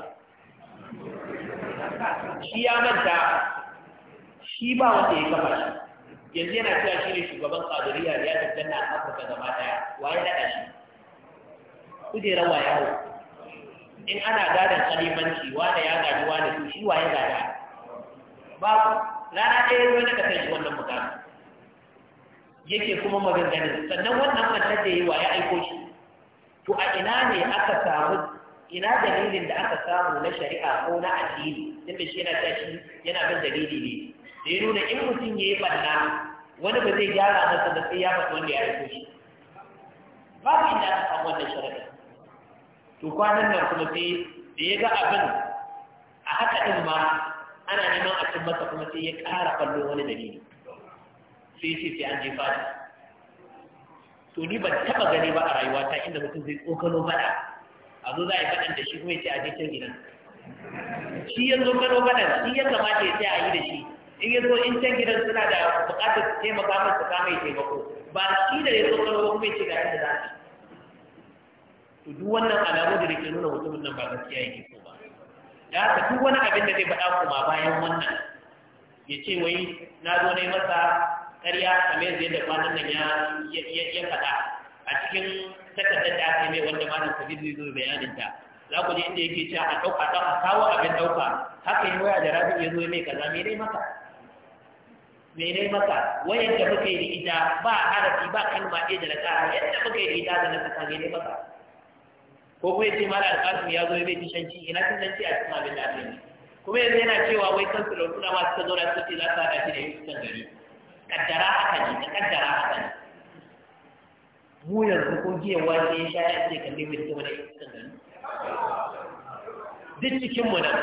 shi ya manta shi ba wanda ya kafa shi yanzu yana cewa shi ne shugaban kadiriya ya daddanna a afirka gaba daya waye naɗa shi kujerar hau. in ana gadon kalimanci wane ya gaji wane su shi waye gada babu rana ɗaya wani ka kai wannan mutane yake kuma maganganin sannan wannan matar da yi wa ya aiko shi to a ina ne aka samu ina dalilin da aka samu na shari'a ko na addini tunda shi yana tashi yana bin dalili ne da ya nuna in mutum ya yi ɓanna wani ba zai gyara masa da sai ya faɗi wanda ya rufe shi babu inda aka samu wannan sharaɗin to kwanan nan kuma sai da ya ga abin a haka ɗin ma ana neman a cin masa kuma sai ya ƙara ɓallo wani dalili sai ce sai an je fada to ni ban taɓa gani ba a rayuwata inda mutum zai tsokano faɗa a zo za a yi faɗan da shi kuma ya ce a je can gidan shi ya zo kano faɗan shi ya kamata ya ce a yi da shi in ya zo in can gidan suna da buƙatar su taimaka min su kama taimako ba shi da ya zo karo kuma mai ce da inda za su. to duk wannan alamu da ke nuna mutumin nan ba gaskiya yake ko ba Ya haka duk wani abin da zai faɗa kuma bayan wannan ya ce wai na zo na yi masa ƙarya kamar yadda yadda kwanan nan ya faɗa a cikin takardar da aka yi mai wanda malam sabi zai zo bayanin ta za ku ji inda yake cewa a ɗauka a kawo abin ɗauka haka yi waya da rabin ya zo mai kaza mai dai maka mene maka wayar da muka yi da ita ba harafi ba kalma ɗaya da na ƙara yadda muka yi da ita da na fita mene maka ko kuma yace mara alƙasim ya zo ya bai tishanci ina tishanci a cikin abin da ake yi kuma yanzu yana cewa wai kan su lautuna ma suka zo da suka ce za su haɗa shi da yin gari kaddara haka ne ta kaddara haka ne mu yanzu ko giya wani ya sha ya ce kalle mai suka da yin kusan gari duk cikinmu nan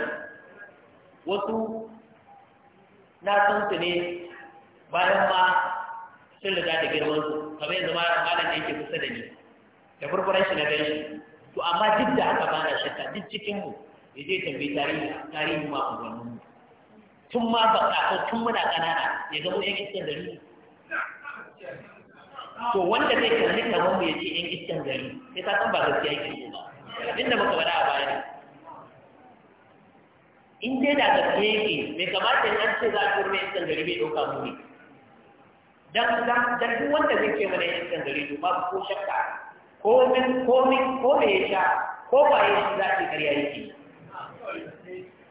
wasu na san su ne bayan ma sun riga da girman su kamar yanzu ma malam da yake kusa da ni da furfuran shi na gan shi to amma duk da haka ba na shakka duk cikin mu ya je tambayi tarihi tarihi ma unguwannin mu tun ma ba ko tun muna ƙanana ya zama yan iskan gari to wanda zai kalli kamar mu ya ce yan iskan gari sai ta san ba gaskiya yake ba inda muka faɗa a baya in dai da gaske yake bai kamata in an ce za a turme iskan gari bai ɗauka mu ne dan dan duk wanda zai ce mana yin kan gari ba ko shakka ko min ko min ko me ya sha ko ba ya shi zaki kariya yake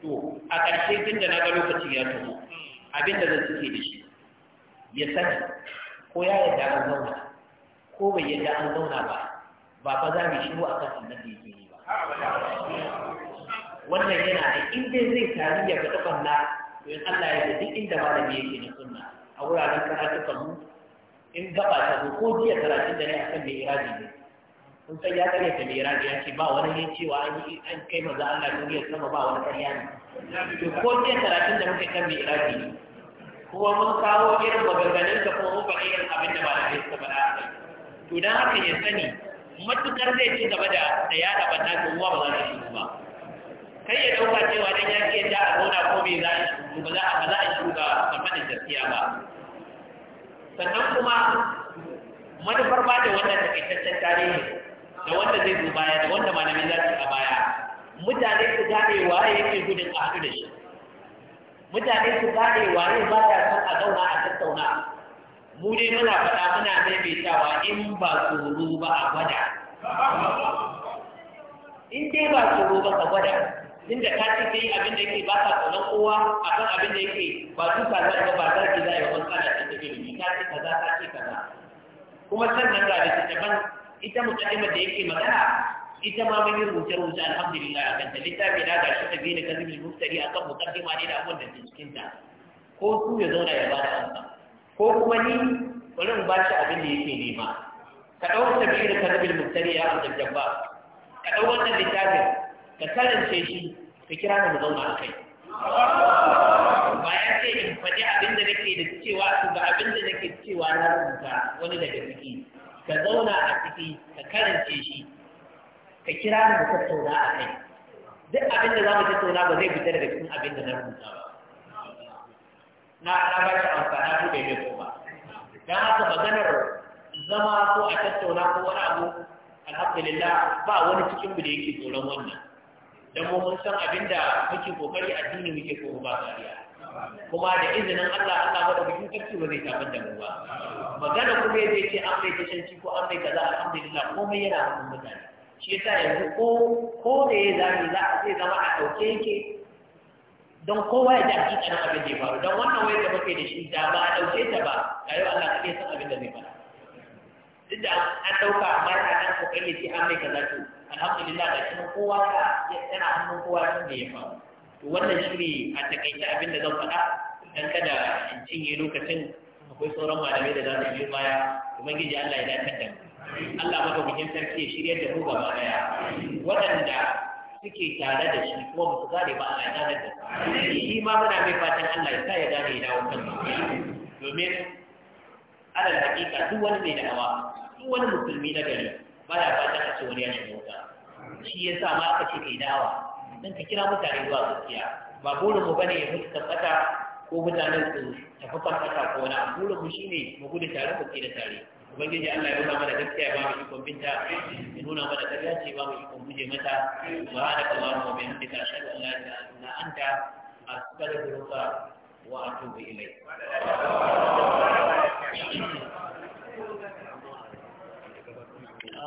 to a ƙarshe tun da na ga lokaci ya tafi abinda zan suke da shi ya sani ko ya yarda an zauna ko bai yarda an zauna ba ba fa za mu shiru akan annan da yake yi ba wannan yana in dai zai tari ya ga na to in Allah ya ga duk inda malami yake na sunna a wuraren karatukan mu in gaba ta zo ko jiya karatun da ne kan mai iradi ne kun san ya kare ta mai iradi ya ce ba wani ne cewa an yi an kai maza Allah duniyar sama ba wani karya ne to ko jiya karatun da muke kan mai iradi ne kuma mun kawo irin maganganun da kuma mun irin abin da ba da kai da aka to dan haka ya sani matukar zai ci gaba da da yada bata to ruwa ba za ta shigo ba kai ya dauka cewa dan ya ke da abona ko bai za shi ba za ba za a shiga kamfanin gaskiya ba sannan kuma manufar ba da wannan takaitaccen tarihi da wanda zai zo baya da wanda malamin za su a baya mutane su gane waye yake gudun a haɗu da shi mutane su gane waye ba ya son a zauna a tattauna mu dai muna faɗa muna maimaitawa in ba tsoro ba a gwada in dai ba tsoro ba ka gwada inda ka ce sai abin da yake ba ka tsanan kowa a kan abin da yake ba ka za a ba za ki za a yi wa matsala ta tafi da ka ka kaza ka ce kaza kuma sannan ga da ban ita mukaddimar da yake magana ita ma mun yi rubuce rubuce alhamdulillah a kanta littafi na shi ta biyu da kazibin muftari kan mukaddima ne da abin da ke cikin ta ko su ya zauna ya ba da amsa ko kuma ni bari in ba shi abin da yake nema ka ɗaukar ta biyu da kazibin muftari ya amsa jabba ka ɗau wannan littafin ka karance shi ka kira da mu zauna a kai ba ya ce in faɗi abin da nake da cewa su ga abin da nake cewa na rubuta wani daga ciki ka zauna a ciki ka karance shi ka kira mu tattauna a kai duk abin da za mu tattauna ba zai fita daga cikin abin da na rubuta ba na na ba shi amfana ko bai bai ba dan haka maganar zama ko a tattauna ko wani abu alhamdulillah ba wani cikin mu da yake tsoron wannan don mu mun san abin da muke kokari addini muke ko ba kariya kuma da izinin Allah Allah ba da bikin karfi ba zai tafi da mu ba magana kuma zai ce an bai ci ko an bai kaza alhamdulillah komai yana hannun mutane shi yasa yanzu ko ko da ya zame za a zai zama a ɗauke yake don kowa ya ji hakikanin abin da ya faru don wannan wayar da muke da shi da ba a ɗauke ta ba a yau Allah kaɗai san abin da zai faru duk da an ɗauka amma ta ɗan kokari ya ce an bai kaza to alhamdulillah da cikin kowa yana hannun kowa sun da ya wannan shi ne a takaice abin da zan faɗa dan kada in cinye lokacin akwai sauran malamai da za su biyo baya ubangiji Allah ya dakatar da Allah maka bikin sarki ya shirya da mu gaba daya waɗanda suke tare da shi kuma ba su gane ba a ya da su shi ma muna mai fatan Allah ya sa ya gane ya dawo kan domin alal hakika duk wani mai da'awa duk wani musulmi na gari baya fata ta ce wani yana da shi ya sa ma aka ce kai dawa don ka kira mutane zuwa gaskiya ba burin mu bane ya mutu tabbata ko mutanen su tafi kwantaka ko wani abu burin mu shine mu gudu tare mu da tare ubangiji Allah ya nuna mana gaskiya ba mu ikon binta ya nuna mana ƙarya ce ba mu ikon guje mata subhanaka shaɗu allah ya ashhadu an ta a illa da astaghfiruka wa tuba ilai.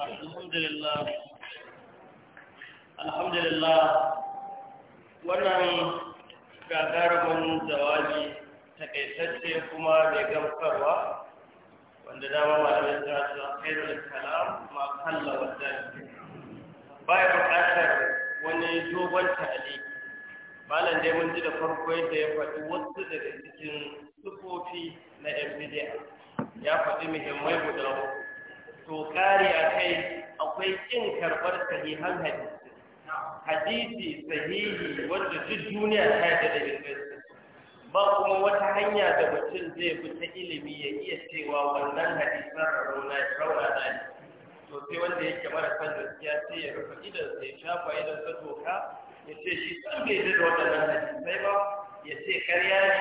الحمد لله الحمد لله wannan gagarumin ta takaitacce kuma mai gamsarwa wanda dama malamin ta su khairul kalam ma kalla wajen baya bukatar wani dogon tali malam dai mun ji da farko yadda ya faɗi wasu daga cikin sufofi na yan bidiya ya faɗi muhimmai guda uku to kare a kai akwai kin karɓar sahihan hadisi hadisi sahihi wanda duk duniya ta yi da ilminsa ba kuma wata hanya da mutum zai bi ta ilimi ya iya cewa wannan hadisan rauna rauna na ne to sai wanda yake mara san gaskiya sai ya rufe idan sai shafa idan sa toka ya ce shi san bai da waɗannan hadisai ba ya ce karya ne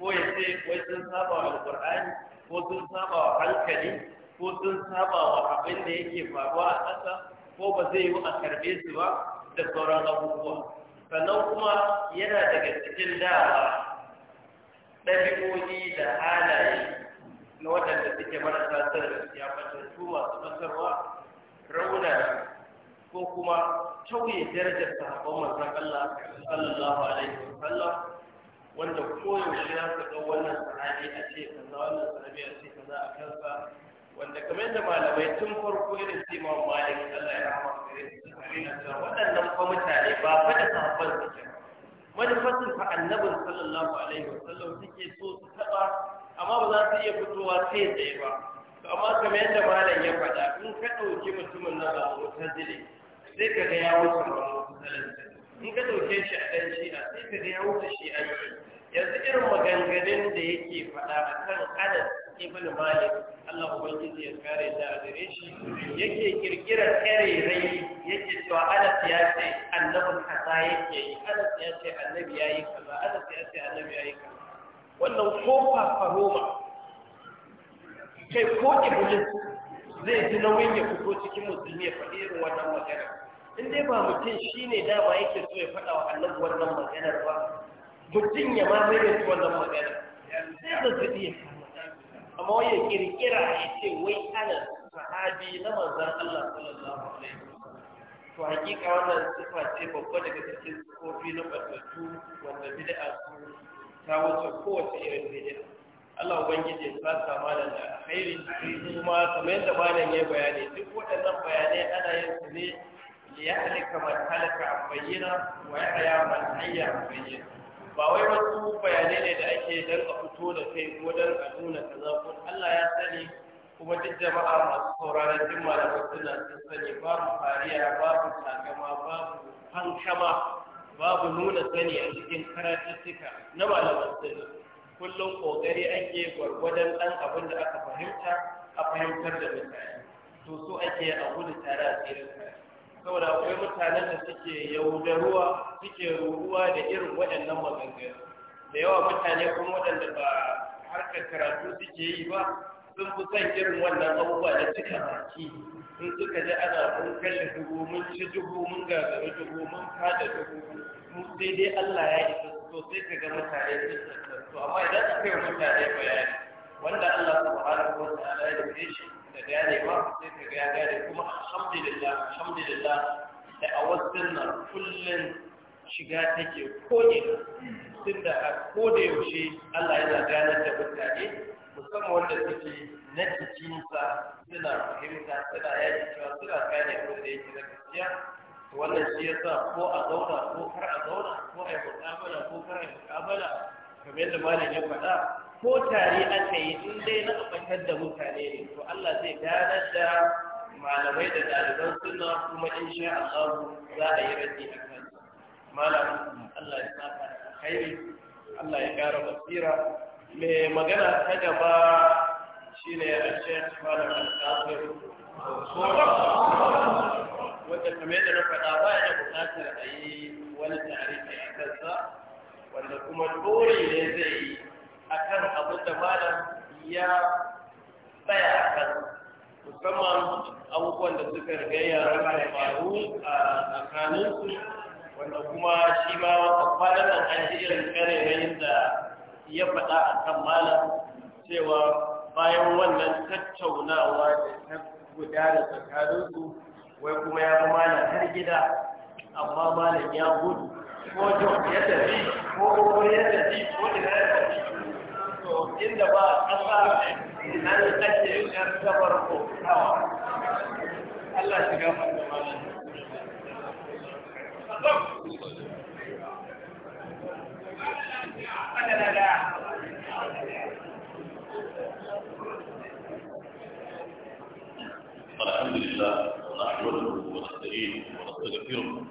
ko ya ce wai sun saba wa alƙur'ani ko sun saba wa hankali ko sun saba wa abin da yake faruwa a ƙasa ko ba zai yi a karbe su ba da sauran abubuwa sannan kuma yana daga cikin dama ɗabi'o'i da halaye na waɗanda suke marasa sarrafa ya matattu masu fasarwa rauna ko kuma tauye darajar sahabban manzon Allah sallallahu alaihi wa sallam wanda koyaushe ya ka wannan sahabi a ce kaza wannan sahabi a ce kaza a kansa wanda kamar da malamai tun farko irin su imam malik Allah ya rahama su gare su amina ta waɗannan fa mutane ba fa da sahabban suke manufatin fa annabin sallallahu alaihi wasallam suke so su taɓa amma ba za su iya fitowa sai tsaye ba to amma kamar yadda malam ya faɗa in ka ɗauki mutumin na ba mutazile sai ka ga ya wuce ba mutazile in ka ɗauke shi a ɗan shi'a sai ka ga ya wuce shi a yi yanzu irin maganganun da yake faɗa akan adad ibn malik Allah ubangiji ya kare da gare shi yake kirkirar kare rai yake cewa anas ya ce annabi kaza yake yi anas ya ce annabi yayi kaza anas ya ce annabi yayi kaza wannan ko faroma kai ko iblis zai ji nauyin ya fito cikin musulmi ya faɗi irin wannan magana in dai ba mutum shine dama yake so ya faɗa wa annabi wannan maganar ba mutum ya ma mai wannan magana sai zazzabi ya amma wai ya kirkira ya ce wai ana sahabi na manzan Allah sallallahu alaihi to hakika wannan sifa ce babba daga cikin kofi na ɓatattu wanda bid'a su ta wuce kowace irin bid'a Allah ubangiji ya sa malam da alkhairi kuma kamar yadda malam ya bayani duk waɗannan bayanai ana yin su ne ya yahlika man halaka bayyana wa yahya man hayya bayyana ba wai wasu bayanai ne da ake dan a fito da kai ko dan a nuna kaza Allah ya sani kuma duk jama'a masu sauraron duk malamai suna sun sani babu fariya babu takama babu hankama babu nuna sani a cikin karatuttuka na malaman sani kullum kokari ake gwargwadon dan abin da aka fahimta a fahimtar da mutane to so ake a gudu tare a tsirin kare saboda akwai mutanen da suke yaudaruwa suke ruruwa da irin waɗannan maganganu da yawa mutane kuma waɗanda ba harkar karatu suke yi ba sun fi son irin wannan abubuwa da cika baki in suka ji ana mun kashe dubu mun ci dubu mun gagaru dubu mun fada dubu mu sai dai Allah ya isa sosai, sai ka ga mutane sun tattaru amma idan suka yi mutane bayani wanda Allah subhanahu wa ta'ala ya dace shi baka gane ba sai ka ga ya gane kuma alhamdulillah alhamdulillah da a wasan nan kullum shiga take ko'ina tun da a koda yaushe Allah yana gane da mutane musamman wanda suke na jikinsa suna fahimta suna yaki cewa suna gane wanda yake na gaskiya wannan shi ya sa ko a zauna ko kar a zauna ko a yi mu'amala ko kar a yi mu'amala kamar yadda malam ya faɗa ko tare aka yi in dai na tabbatar da mutane ne to Allah zai gane da malamai da ɗaliban suna kuma in sha Allah za a yi rabi a kan malam Allah ya saka alkhairi Allah ya gara basira mai magana ta gaba shine a Sheikh Malam kafir wanda kamar da na faɗa ba ya buƙatar a yi wani tarihi a kansa wanda kuma dole ne zai yi akan abun da malam ya tsaya a kan musamman abubuwan da suka rigaya da faru a tsakaninsu wanda kuma shi ma kwanan nan an ji irin yayin da ya faɗa a kan malam cewa bayan wannan tattaunawa da ta gudana tsakaninsu wai kuma ya fi malam har gida amma malam ya gudu ko jo ya tafi ko ya tafi ko ina ya tafi inda ba ƙasa an ajiye ɗan gabar ko Allah shi gafar da malam. الحمد لله نحمده ونستعينه ونستغفره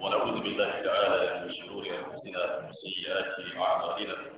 ونعوذ بالله تعالى من شرور انفسنا ومن سيئات اعمالنا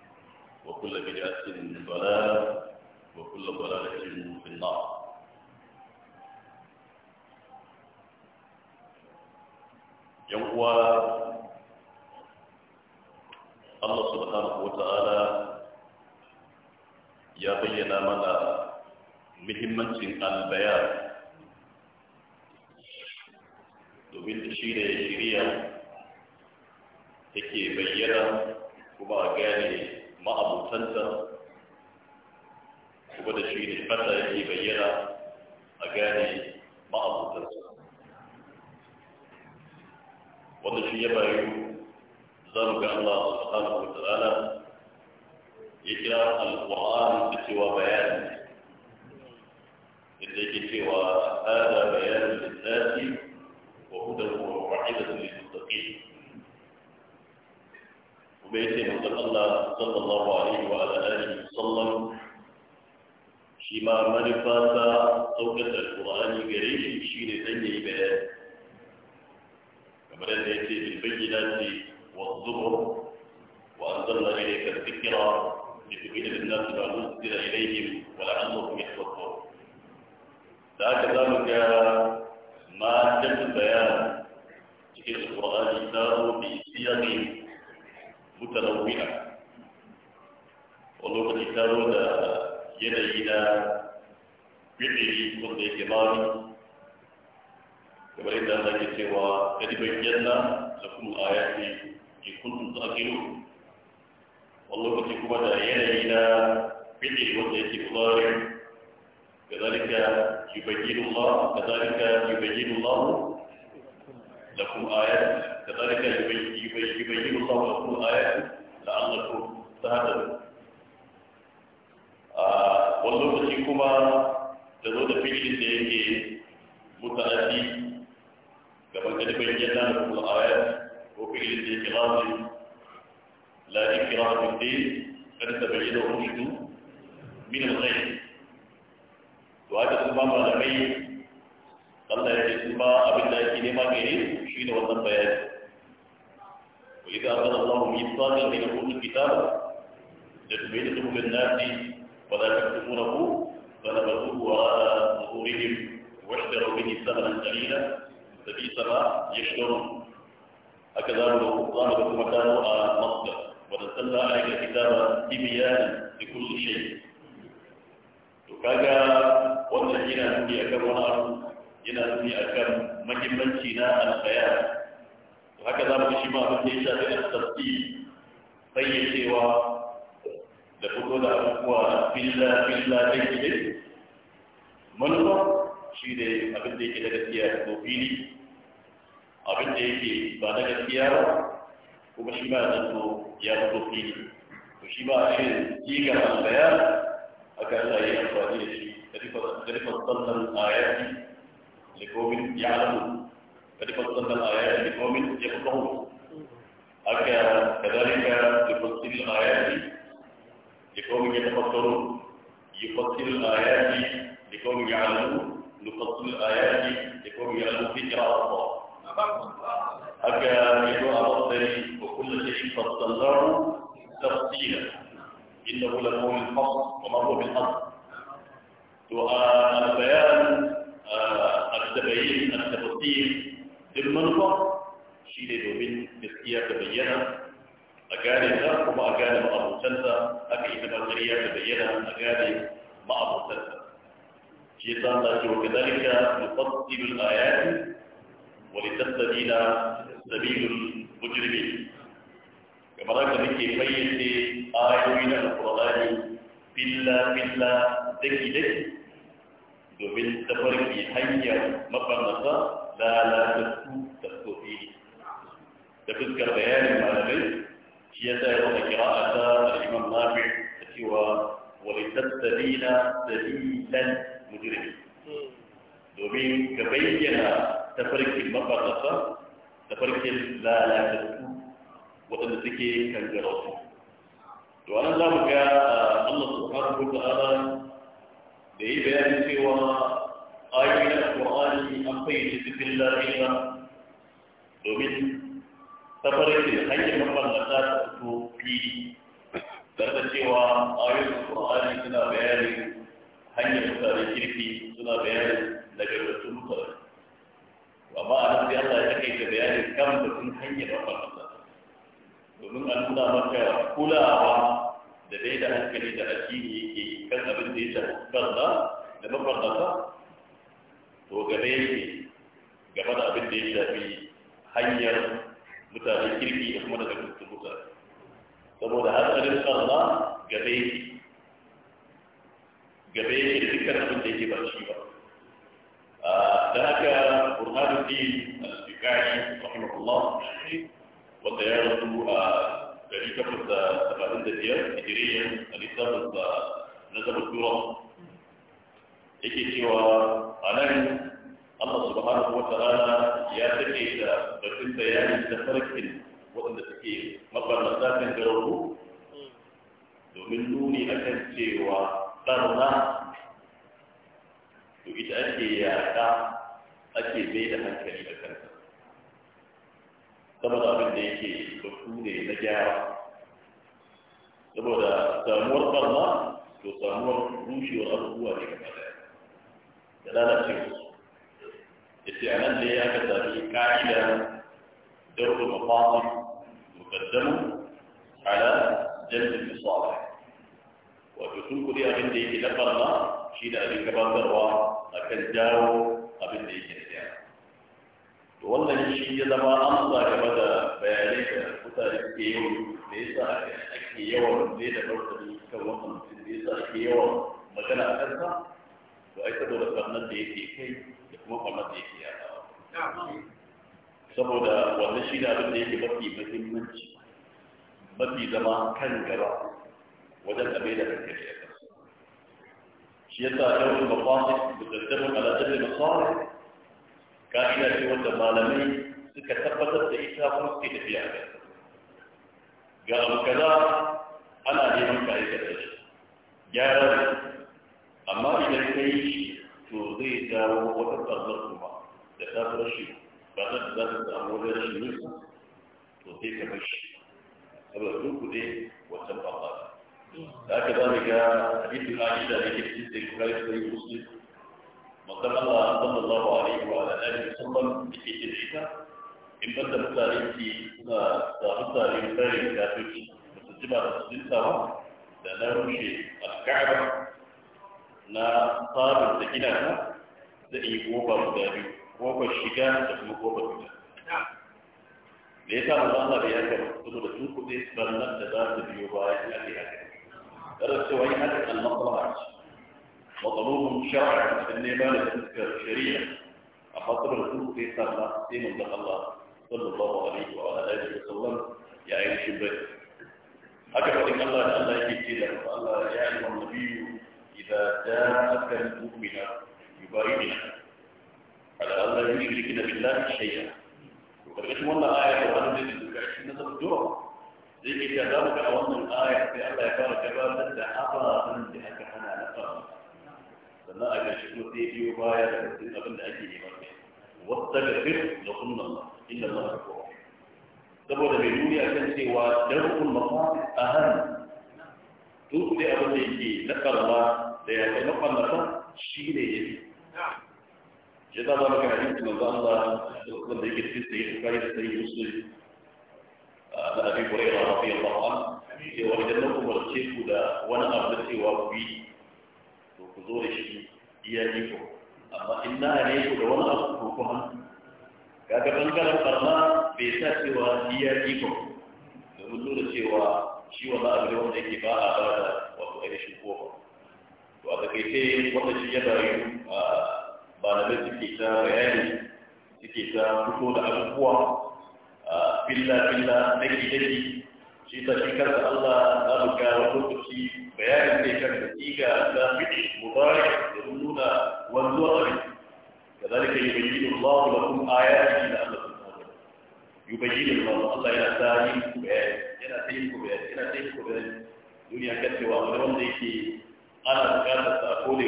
وكل بدعة ضلالة وكل ضلالة في النار يوم الله سبحانه وتعالى يا بينا مدى مهمة البيان domin shi ne shirya take bayyana kuma ma'abutanta kuma da shi ne fata yake bayyana a gane ma'abutansa wanda shi ya bayu za mu ga Allah subhanahu wa ta'ala ya kira alƙur'ani da cewa bayani inda yake cewa hada bayanin lillahi wa hudan wa wa'idatun lil muttaqin بيت من الله صلى الله عليه وعلى آله وسلم شما منفات صوت القرآن قريش شين تنيي بيت كما يأتي بالبينات والظهر وأنزلنا إليك الذكرى لتبين للناس ما نزل إليهم ولعلهم يتفكرون ذاك ذلك ما تم البيان في القرآن في سياقه mutarawwi'a a lokaci ta zo da yanayi na fi'ili wanda yake mani kamar yadda Allah ke cewa kadi bayyana lakum ayati in kuntum ta'qilun wallahu kace kuma da yanayi na fi'li wanda yake mudari kadalika yubayyinu Allah kadalika yubayyinu Allah lakum ayati كذلك يبين الله لكم الآيات لعلكم تهتدون آه، والله تكما تزود في الشيء متعدي كما كان يبين جدنا لكم الآيات وفي الشيء كرام لا إكرام في الدين أن تبعيده رشد من الغير وهذا سبحانه لبيه الله يجب أن يكون أبدا كنما كريم شين وطن بيانه وإذا أردنا الله ميثاقا بين أم الكتاب لتبينته للناس ولا تكتمونه فنبذوه وراء ظهورهم واشتروا به ثمنا قليلا فبئس ما يشترون هكذا لو ظلمكم على مصدر ونزلنا عليك الكتاب تبيانا لكل شيء kaga wannan هنا نبي akan wani abu yana nuni akan mahimmanci na الخيال haka za mu shi ma abin da ya shafi a tafsi fayyacewa da fito da abubuwa filla filla da gide manufa shi ne abin da yake na gaskiya da fili abin da yake ba na gaskiya ba kuma shi ma ya zanto ya fito fili to shi ma a shi yi ga sigar a kan Allah yi amfani da shi da rufar sallar ayati da komin ya قد فصلنا الآيات لقوم يفقهون كذلك يفصل الآيات لقوم يتفكرون يفصل الآيات لقوم يعلمون نفصل الآيات لقوم يعلمون في قراءة الله أكا يدعى ربي وكل شيء فصلناه تفصيلا إنه لقول الفصل وما هو بالحق والبيان التبين التفصيل duk manufa shi ne domin gaskiya ta bayyana a gane ta kuma a gane ma'abotansa aka yi zama ƙarya ta bayyana a gane ma'abotansa shi ya sa ta ce wa kazalika nufassilu al-ayati wa litastabila sabilul mujrimin kamar haka muke fayyace ayoyi na alƙur'ani filla filla daki daki domin tafarki hanyar mabannata lalatattu da tauhidi da fuskar bayanin malamai shi ya sa wata kira'a ta al-imam nafi da cewa wa litattalina dalilan mujrimi domin ka bayyana tafarkin mafarkasa tafarkin lalatattu waɗanda suke kangarautu to anan za mu ga Allah subhanahu wa ta'ala da yi bayanin cewa ayoyi na Qur'ani akwai cikin lafiya domin tafarkin hanyar maballata ta fito fili tare da cewa ayoyin Qur'ani suna bayanin hanyar mutane kirki suna bayanin nagartattun mutane amma a nan sai Allah ya kai ta bayani kan batun hanyar maballata domin a nuna maka kulawa da dai da hankali da addini yake kan abin da ya shafi kansa da maballata to game shi game da abin da ya shafi hanyar mutane kirki da kuma daga cikin mutane saboda hatsarin tsalla game shi game shi da dukkan abin da yake ba shi ba da haka burhanuddin al-bikari rahimahullah wanda ya rasu a gari takwas da saba'in da biyar hijiriyar a lissafin da na zama turan yake cewa a nan Allah subhanahu wa ta'ala ya take da batun bayani da farkin waɗanda suke mabarnata kan garuru domin nuni akan cewa ɗarna to ita ake yaɗa ake bai da hankali a kanta saboda abin da yake batu ne na gyara saboda samuwar ɓarna to samuwar rushewar abubuwa ne gaba ɗaya da lalacewa yace a nan dai aka zaɓi ka'ida darbu mafasid muqaddamu ala jalb al-misalih wato sun kudi abin da yake na farna shi da abin gabatarwa akan jawo abin da yake da to wannan shi ya zama amsa game da bayanai da mutane ke yau da yasa ake yawan zai da martani kan wannan mutum da yasa ake yawan magana a kansa to ai saboda farnar da yake kai da kuma farnar da yake yadawa saboda wannan shi da abin da yake mafi muhimmanci mafi zama kan gaba wajen abai da hankali a kansu shi yasa yau da mafasi da daddabin alajar da masarar ka'ida ce wanda malamai suka tabbatar da ita kuma suke tafiya da ga abu kaza ana neman ka aikata shi gyara amma idan ka yi shi to zai jawo wata tsallar kuma da ta fi rashi ba za ta za ta samu wani rashin yin to sai ka bashi saboda duk kuɗe wancan ɓangare da aka za mu ga hadisin aisha da ke cikin sai kuka yi sai muslim musamman Allah sallallahu alaihi wa alihi musamman da ke cikin ita in da mutane ki suna da mutane tsarin kafirci ba su ji ba su jinta ba da na rushe alka'aba na tsarin da gina ta zai yi kofa guda biyu kofar shiga da kuma kofar guda me yasa ba za a biya ka ba saboda sun kuɗe sannan da za su biyo bayan ya ke haka kada su wani haka al-maslaha ce matsalolin shari'a da ne ba da fuskar shari'a amma saboda sun kuɗe sannan sai mun da Allah sallallahu alaihi wa alihi wa sallam ya yi shi bai haka fadin Allah da Allah yake ce da Allah ya yi wa nabiyyu إذا جاءك المؤمن يبايعنا على أن لا يشركن بالله شيئا وقد اسم الله آية وأنا ذي الذكاء نظر زي ذي كتابك أولا الآية في الله يبارك كبابا لحظة من ذهك حنا لقام فلا أجل شكو تيجي وبايع لكتين أبن أجل يبارك واستغفر لقمنا الله إلا الله أكبر saboda mai duniya kan cewa darukun أهم a hannu duk da da ya kai maballata shi ne ya fi shi ta zama kan hadisi manzo Allah da yake cikin sayyid Bukhari da sayyid Muslim da Abi Hurairah radiyallahu anhu cewa idan na umarce ku da wani abu da cewa ku yi to ku zo da shi iya iko amma in na ne ku da wani abu ko kuma kaga bangaren barna bai sa cewa iya iko domin nuna cewa shi wani abu ne wanda yake ba a ba da wato ainihin kofa to kai takaice wata shi ya rayu ba da bai suke ta bayani suke ta fito da abubuwa filla filla na gidaji shi ta shi kansa Allah za mu ga lokaci bayanin da kan da siga ta fiɗi mubarak da nuna wanzuwar yi كذلك يبين الله لكم آياته لعلكم da Allah Allah yana ta yi ku bayani yana ta yi ku bayani yana ta yi ku bayani duniya kace wa wanda yake ana bukatar sa ko da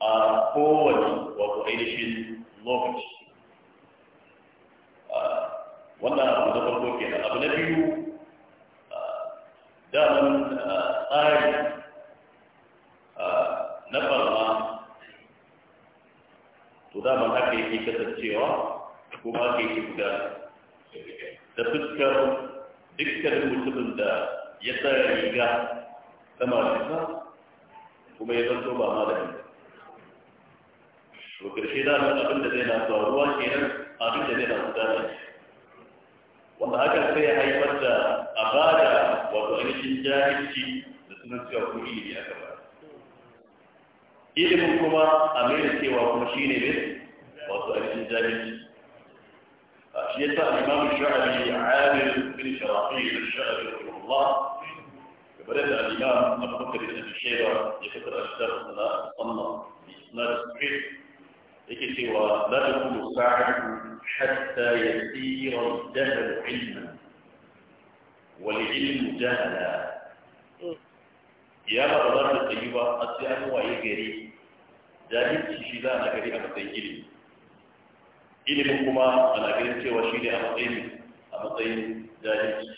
a kowane wato ainihin lokaci شيني بيت وسؤال الزامن يسأل إمام الشعبي عامل بن شراحي الشعبي رحمه الله فبرد الإمام أبو بكر بن الشيبة لفترة أشتر الصلاة الصنة في إسناد الصحيح سوى لا تكون ساعد حتى يسير الجهل علما والعلم جهلا يا رب الله الطيبة أسأل وإيه jahilci shi za a gari a matsayin ilimi ilimin kuma ana ganin cewa shi ne a matsayin a matsayin jahilci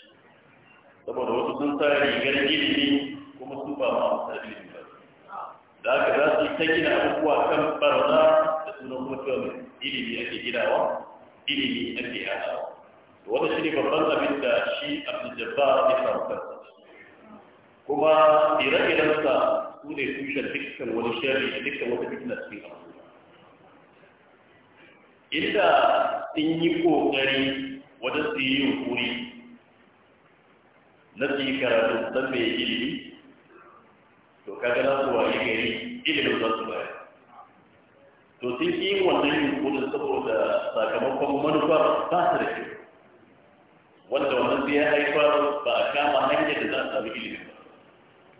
saboda wasu sun sa rigar ilimi kuma su ba ma masu ilimi ba da aka za su yi ta gina abubuwa kan barna da sunan kuma cewa ilimi ake ginawa ilimi ake yadawa Wata shi ne babban abin da shi abdul jabbar ya samu kansa kuma ire-irensa su ne tushen dukkan wani shari da dukkan wata fitna su yi inda sun yi ƙoƙari wajen su yi yunkuri na su yi karatu don mai ilimi to kaga na su waye gari ilimin za su bayar to sun yi wannan yunkurin saboda sakamakon manufa ba su da kyau wanda wannan zai ya haifar ba a kama hanyar da za a sami ilimin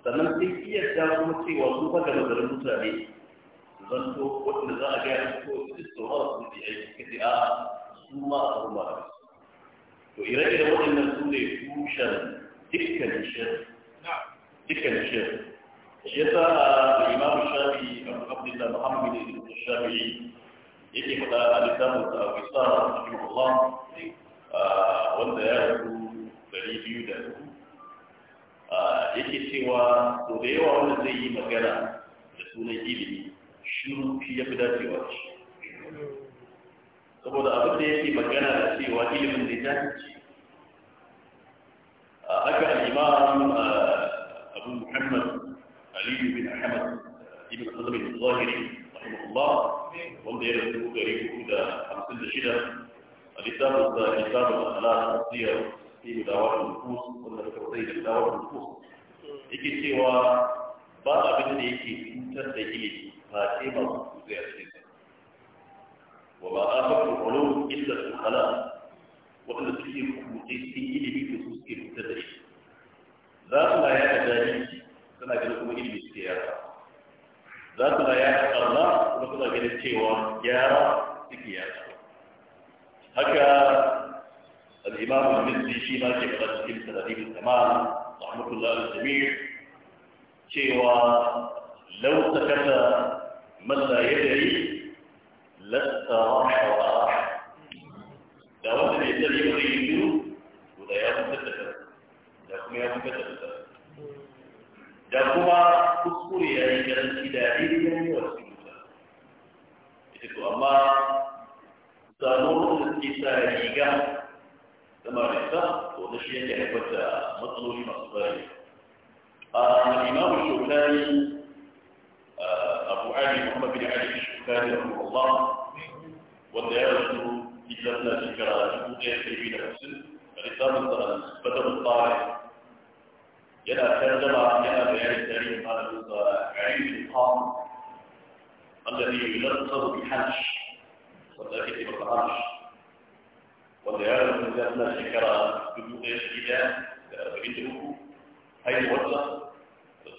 sannan sun iya da kuma cewa su fa gaba garin mutane zan to wanda za a ga ya ko su tsoro su ji aiki kace a su ma a tsoro ba to ire-ire waɗannan su ne tushen dukkan shirk dukkan shirk shi yasa imam shafi abu abdullah muhammad ibn shafi yake faɗa a littafin sa wisa rahimahullah wanda ya rubu 200 da yake cewa to da yawa wanda zai yi magana da sunan ilimi shiru shi ya fi dacewa shi saboda abin da yake magana da cewa ilimin da ya ci haka al'imam abu muhammad aliyu bin ahmad ibn hazm bin zahiri rahimahullah wanda ya rasu gari hudu da hamsin da shida a littafin da littafin al'ala siyar في مداوره النفوس ولا بتوزيع مداوره النفوس yake cewa ba abin da yake cutar da ilimi ba ce ba su cuta ya ce wa ba a faɗin ƙwaro illa su hala waɗanda suke kuce cikin ilimi da su suke cutar da ilimi za su na yaɗa jahilci kuma ilimi suke yara za kuma cewa haka الإمام المزي شيما كبرت في سلاليم الكمال رحمة الله الجميع شيوا لو سكت من لا يدري لست راح وراح لو أنت يدري يريد ولا يأخذ تتكلم لكم يأخذ تتكلم لكم أذكر يا رجال إداري وسكوتا إذا كنت أما تنور الكتاب zama da ita to da shi yake haifar da matsaloli masu tsari a imamu shokari abu ali muhammad bin ali shokari abu allah wanda ya rasu hijira na shekara dubu ɗaya da biyu da hamsin a littafin sa fatar tsari yana tarjama yana bayanin tarihin malamin sa ali shokari الذي يلقب بحنش والذي يلقب بحنش wanda ya rasu da suna shekara dubu ɗaya shida da arba'in da uku haihuwarsa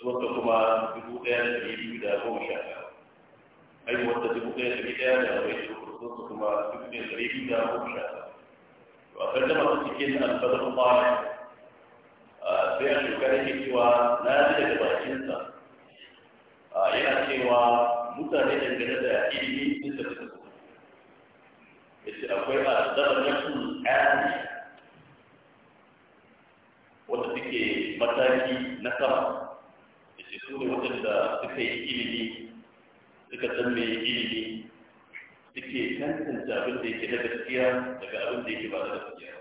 kuma dubu ɗaya da ɗari biyu da goma sha ɗaya haihuwarsa dubu ɗaya da ɗari da arba'in da uku rasuwarsa kuma dubu ɗaya da ɗari biyu da goma sha ɗaya a kan jama'a cikin alfazar kwaya sai a shekara yake cewa na ji daga bakinsa yana cewa mutane dangane da ilimi sun tafi akwai masu na nasu ƙari wata suke mataki na sama da shi su ne waɗanda suka yi ilimi suka san mai ilimi suke tantance abin da yake na gaskiya daga abin da yake ba na gaskiya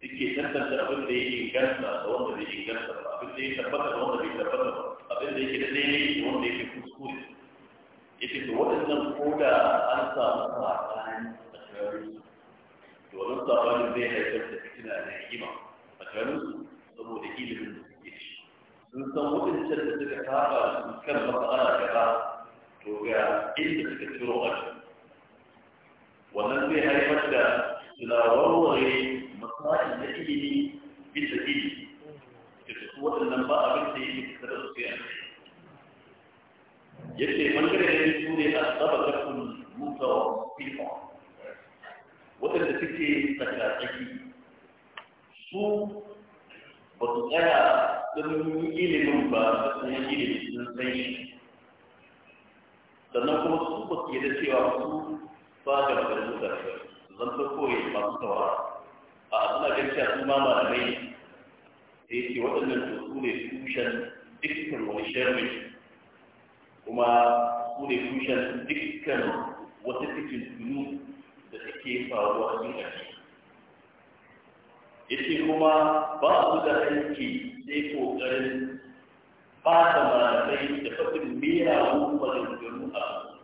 suke tantance abin da ya inganta da wanda bai inganta ba abin da ya tabbata da wanda bai tabbata ba abin da yake da daidai da wanda yake kuskure yake to waɗannan ko da an samu saɓani to wannan sabanin zai haifar da fitina da hikima tsakanin su saboda ilimin da suke shi sun san wadancan da suka saba su kan matsala kaza to ga inda suka ciro a shi wannan zai haifar da tilawarware masarai na ilimi bisa ilimi da su waɗannan ba abin da yake kusa da su sai yace bangare da su ne a tsaba karfin mutawa fifa waɗanda suke tsakatsaki su ba su tsaya ɗin ilimin ba da sun ilimin sun sanyi, sannan kuma su ba su yadda cewa su ba ga maganin mutane ba su zan ta koyi masu tawara a suna ganin cewa su ma malamai da yake waɗannan to su ne tushen dukkan wani sharri kuma su ne tushen dukkan wata cikin tunu da suke faruwa sun ƙarshe yace kuma ba su da hanki sai ƙoƙarin ba da malamai da fasin miyawu maganganu a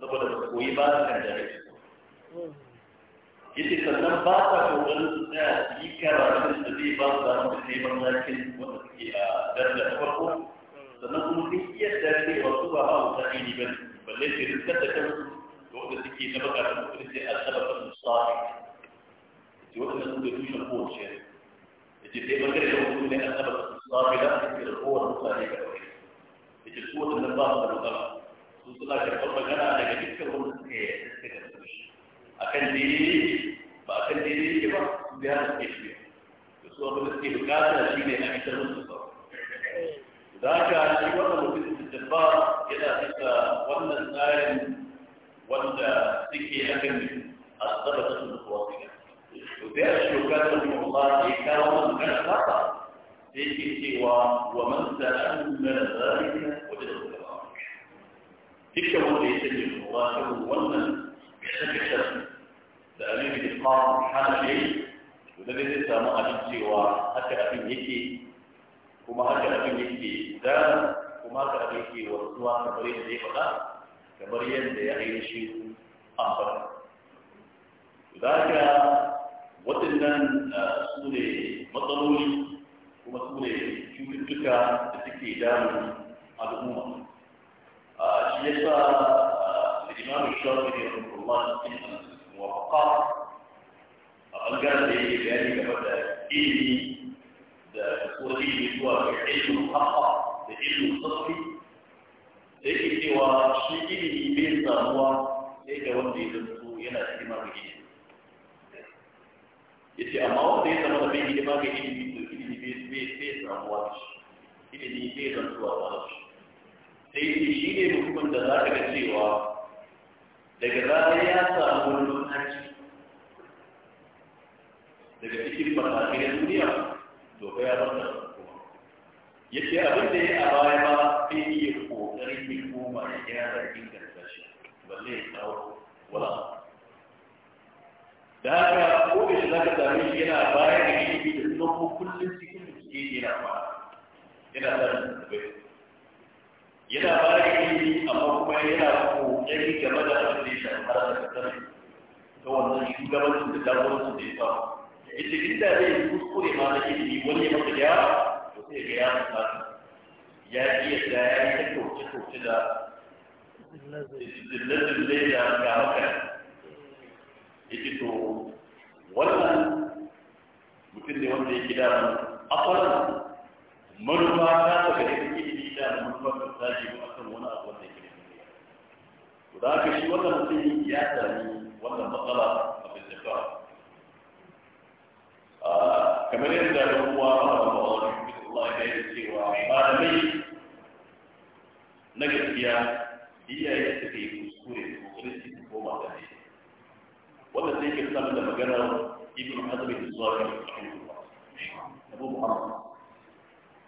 saboda ba koyi ba da kan jami'a yace sannan ba ta ƙoƙarin su tsaya su yi karatun da zai ba su damar da neman lakin wanda suke a darajar farko sannan kuma sun iya dacewa su ba ba mutane ne ba balle su rikar da kansu wanda suke na baka da mutum sai a sababa su sa'i ce wanda sun da tushen kowace da ce sai bangare da mutum ne a sababa su sa'i da ake da kowane mutane ga wani da ce su wanda ba su da matsala su suna karɓar magana daga dukkan wanda suka yi suka karɓar shi a kan daidai ba a kan daidai yake ba su biya da suke shi da su abin da suke bukata shi ne a fitar musu ba da haka shi wannan mutum da ba yana bisa wannan tsarin wanda suke akan a tsara su da kuwa su to da ya shi ka da mu ba da ya kawo wannan kana fata sai yake cewa wa man ta'ammala zalika wa da Allah dukkan wanda ya sani kuma wannan kashe da alimi da kawo hanaye to da zai samu abin cewa haka abin yake kuma haka abin yake da kuma haka abin yake wanzuwa kamar yadda ya faɗa كبرين دي أغير شيء آخر لذلك وطنن آه، سؤولي مطلوش كما سؤولي شو تلك تتكي دام على الأمة آه، شيئسا آه، الإمام الشافعي رحمه الله سبحانه موافقا أنقل لي بأني كبدا إني سؤولي بسؤولي علم الحق بعلم الصدقي da yake cewa shi ilimi bai samuwa sai da wanda ya zanto yana hidima ga ilimi ya ce amma wanda ya zama da bai hidima ga ilimi to ilimi bai samuwa da shi ilimi bai zanto a wani shi sai ce shi ne mutumin da za ka ga cewa daga zarar ya samu wani lokaci daga cikin matakai na duniya to ya bar da kuma ya ce abin da ya a baya ba bai Kuma da kira za a inganta shi balle ya tsawo wala da haka ko da shi za ka same shi yana bayar da ilimi da kuma ko kullum cikin da suke yana ba yana sa da tabbai yana bayar da ilimi amma kuma yana kokari game da abin da ya shafi har da kasar ta wannan shugabancin da jagorancin da ya samu ita inda zai kuskure ma na ilimi wani ya masa gyara ko sai ya ga ya masa ya iya da ya yi ta koce-koce da zille-zille da gamaka ya ce to wannan mutum ne wanda ya gida mu akwai manufa ta daga yadda ke yi da manufa ta zaji ba akan wani abu wanda ke to da haka shi wannan mutum ya sami wannan matsala a bincika kamar yadda da kuma Allah ya yi cewa malamai na gaskiya iyaye suka yi kuskure da kokarin su koma da ne wanda sai ke samu da maganar ibn hazm bin zuwa abu muhammad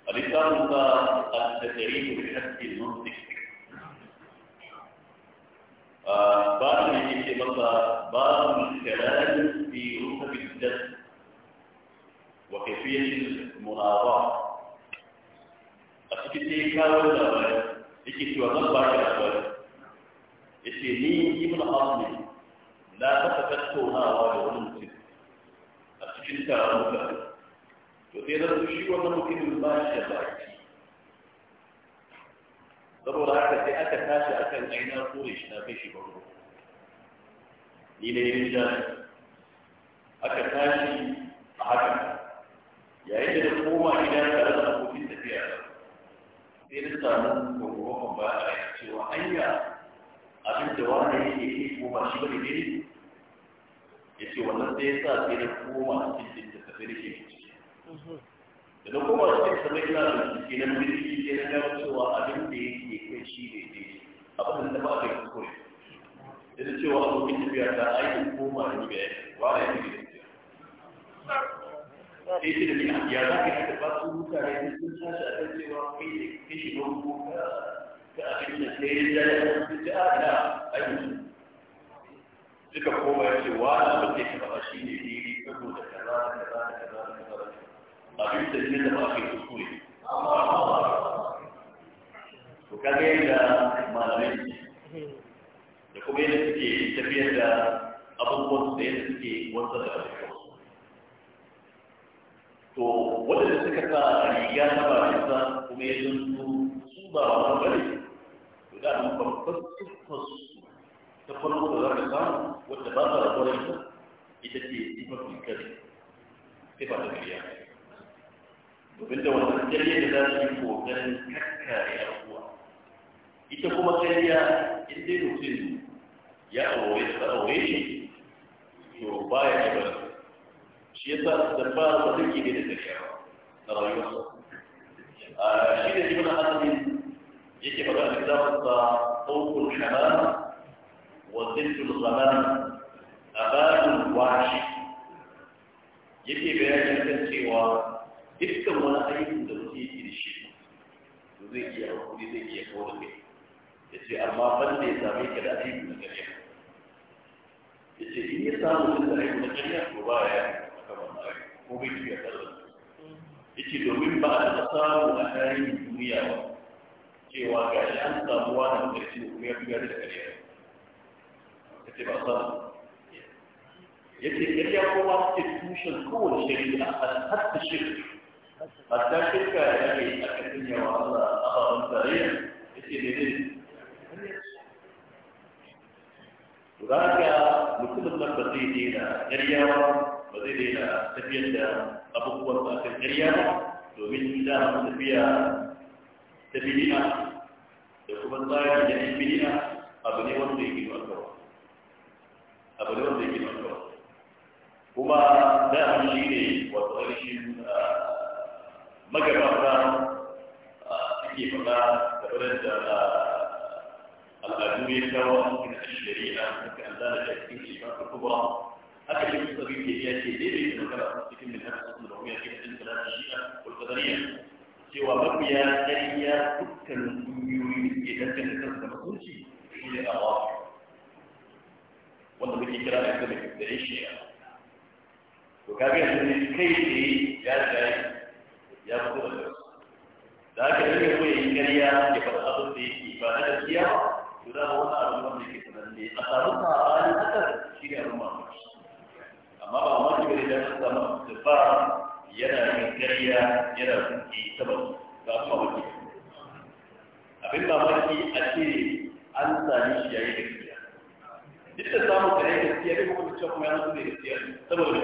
الرسالة التدريب بحسب المنطق بعض يجي مثلا بعض الكلام في رتب الدم وكيفية المناظرة shi sai kawo labari yake cewa zan ba shi labari ya ce ni ibn hazmi na taɓa tattaunawa da wani mutum a cikin taron mutane to sai zan shi wannan mutumin ba shi da baki saboda haka sai aka tashi akan aina kore shi na kai shi bango ni ne yin jami aka tashi a haka yayin da koma gida tare da sai da samu gwagwagwan ba a yi cewa anya abin da wani yake yi ko ba shi ne ya ce wannan sai ya sa sai da koma cikin da tafi da ke ciki da na koma cikin da mai da ciki na mulki na gano cewa abin da yake kai shi ne ne abin da ba a kai kuskure da cewa abokin tafiya ta aikin koma da ni ga yake sai shi da ni ya za ka yi ba su mutane sun tashi a kan cewa kai ne kai shi don ko ka abin da sai ya yi ah, su ci a ina aiki suka koma ya ce wa na ba zai taɓa shi ne ne saboda kaza da kaza da kaza da kaza abin da ne da ba kai kuskure to kaga yadda malamai da kuma yadda suke tafiyar da abubuwan da yadda suke wanzar da abubuwan to waɗanda suka sa a riga na barisa kuma ya zanto su ba wani bane to da mun babbar siffar su ta farko da za ka samu wadda ba ta rabuwar ita ita ce siffar kare siffar da kariya domin da wannan kariya da za su yi kokarin kakkare abubuwa ita kuma kariya in dai mutum ya aure ta aure shi to baya ya bari shi yasa da ba take ne da dariya na rayuwarsa shi ne ibn hazmi yake a kitabun sa tawkul haram wa abadul washi yake bayani kan cewa dukkan wani aikin da mutum yake da shi zai iya zai iya da ya ce amma ban ya same ka da aikin na ya ce in ya da aikin na ko ba ya ko bai fiye da yace domin ba a da samu a tarihin duniya ba cewa ga shi an samu wani da kuma ya fi gari da ƙarya yace ba samu yace ƙarya kowa suke tushen kowane shari'a a hatta shirka hatta shirka da ake yi a kan yawa Allah ababen ne ne Zaka mutumin nan ba zai daina ƙarya ba zai daina tafiyar da abubuwan ba kan kariya domin da mu tafiya ta bidi'a da kuma tsari da yan bidi'a abu ne wanda ya gino alkawa abu ne wanda ya gino alkawa kuma da mu shi ne wato ainihin ah, magabata ah, suke faɗa game da da الأدوية وممكن الشريعة ممكن أن da يكون الإمام الكبرى أكل من طبيب يأتي ليه يتذكر في من هذا الصوت الرؤية في علم ثلاث الشيعة والقدرية سوى بقية أي تكن يريد إذا كان تذكر صوتي إلى أراضي وأنت بكي كلا أكثر من الشيعة وكابير من الكيسي يا جاي يا بطولة ذاك اللي هو إنجليا يبقى أضطي إبادة الشيعة وده هو أرمان لكي تنالي أطارتها آل أكثر شيء أرمان amma ba wani gari da an samu tufa yana yin karya yana kuki sabon ga kuma wani abin mamaki a ce an sami shi yayi gaskiya duk da samun kare gaskiya ne kuma cewa kuma yana zuwa gaskiya saboda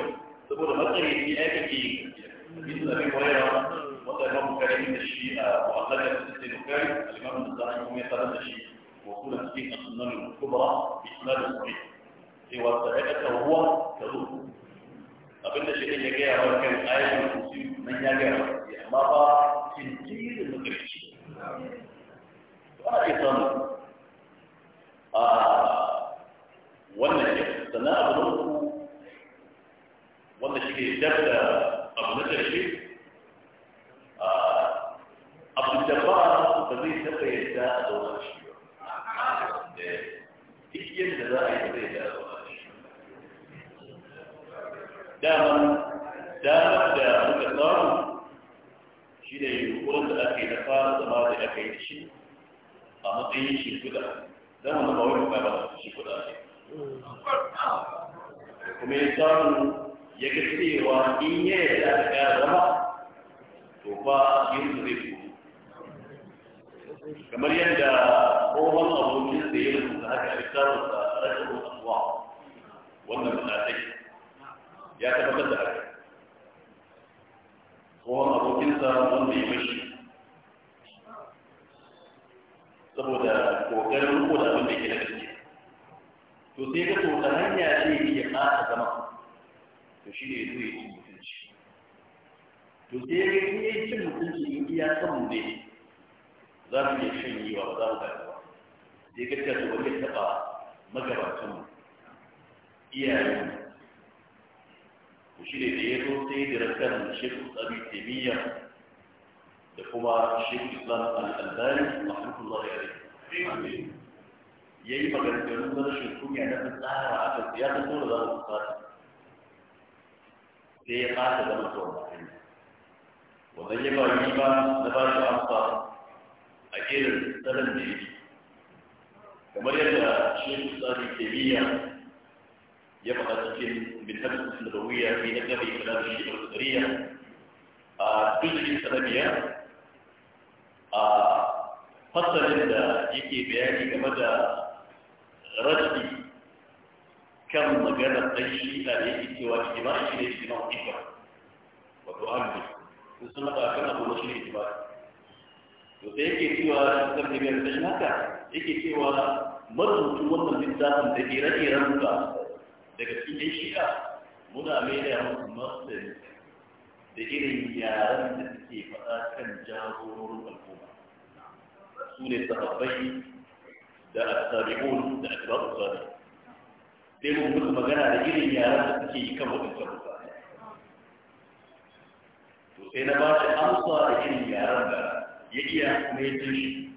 saboda matsayin ne ya kake yin gaskiya bisa abin wayarwa wanda ya mamu kare da shi a mu'allakar sistema kare alimamin da zanen kuma ya fara da shi وصولا في السنن الكبرى بإسناد صحيح cewa sadaqatan huwa kazu abinda shi ya gaya wa kan ayatul kursi nan ya gaya wa amma ba tintirin mutunci ba a iya samu a wannan shi sannan abu na uku wanda shi ke dab da abu na ƙarshe abu da ba ba zai taɓa yadda a zauna shi ba eh, duk yadda za a yi ba zai yadda dama damar da muka samu shi ne yunkurin da ake da na fara zama da aka yi shi a matsayin shi kuda don wani ba wani ba shi kuda ne kuma ya samu ya ga cewa in ya yi da aka ya zama to ba yin su zai kuma kamar yadda tsohon abokin da ya rubuta haka a littafinsa rashin asuwa wannan mutatai ya tabbatar da haka ko abokinsa wanda ya mashi saboda kokarin riko da abin da ke da gaske to sai ka tota hanya ce ya ƙasa zama to shi ne ya yi ya mutunci to sai ya yi cin mutunci in iya samu ne za mu iya yi ba za mu gani ba sai ka ta wani taɓa magabatanmu Iyayen. شيء غير طيب ركان الشيخ أبي تيمية لكما الشيخ الإسلام الألباني رحمة الله عليه يجب أن يكون هذا الشيخون يعني أن تتعرى على الزيادة طول هذا المقاطع في قاعدة هذا المطور المحيم وذيب عجيبا نباش عمقا أجير السلم دي كما يجب الشيخ الثاني كيمية ya faɗa cikin bitan nabawiya fi na gaba ya faɗa shi da tsariya a cikin sarabiya a fasalin da yake bayani game da rajdi kan maganar ɗan shi da yake cewa ijima shi ne ijima ikon wato ambi sun sun haɗa kan abu na shi ne ijima to sai yake cewa sun biyar da shi haka yake cewa marubutu wannan littafin da ire-iren ka daga cikin shiga, muna mai da yawon martani da irin yaren da suke faɗa kan jagororin al'umma su ne sahabbai da asabi'un da asibabu sani sai mun mutu magana da irin yaren da suke yi kan waɗancan mutane to sai na ba shi amsa da irin yaren da ya iya kuma yi shi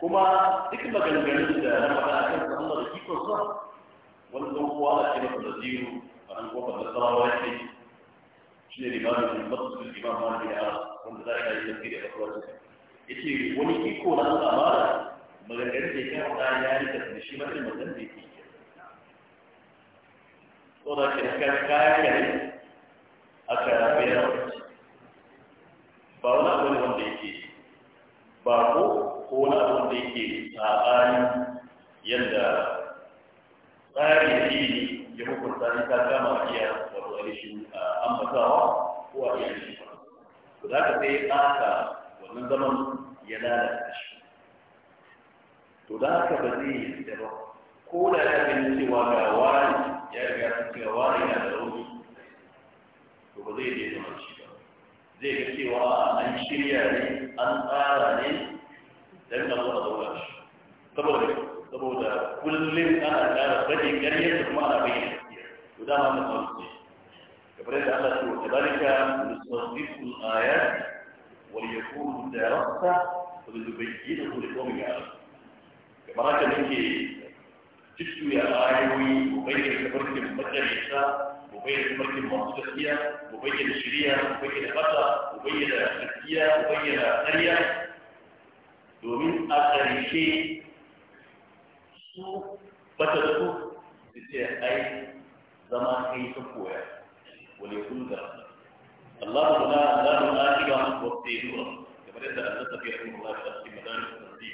kuma duk maganganun da na faɗa a kan Allah da ikon sa wani ɗan kowa a cikin masa naziru a nan kofar da sarawa ya ce shi ne limanin masu imam mahdi a wanda za a yi tafsiri a kasuwa ya ce wani iko na Allah ba maganganun da ya faɗa ya yi da shi ma irin maganganun da ya ke ko da ke ka kaya kare a karafe na ba wani abu ne wanda yake ba ko ko wani abin da yake saɓani yadda tsarin yake yi ya hukunta ni ta kama iya wato ainihin ambatawa ko a iya shi ba. To za ka sai aka wannan zaman ya lalata shi. To za ka ba zai yi da ba. Ko da ya gani cewa ga wani ya riga sun cewa wani yana da rauni to ba zai zama shi ba. Zai ga cewa an shirya ne, an tsara ne, لأن الله ضواش saboda saboda كل ana أنا bade ƙarya da kuma ana bayyana وده ما نقول الله على وكذلك نصدق الآيات وليكون دراسة ولنبينه لقوم يعلم كما رأيت منك تشتوي الآيوي مبين كبرك المبكر إنساء مبين كبرك المنطقية مبين الشريعة مبين الخطأ مبين الفتية مبين قرية domin a ƙarshe su bata su su ce ai zama kai ta koya wani kun da Allah ku na Allah ku na shiga wasu yi nura kamar yadda Allah ta fiye kuma Allah ta cikin madani su tsarki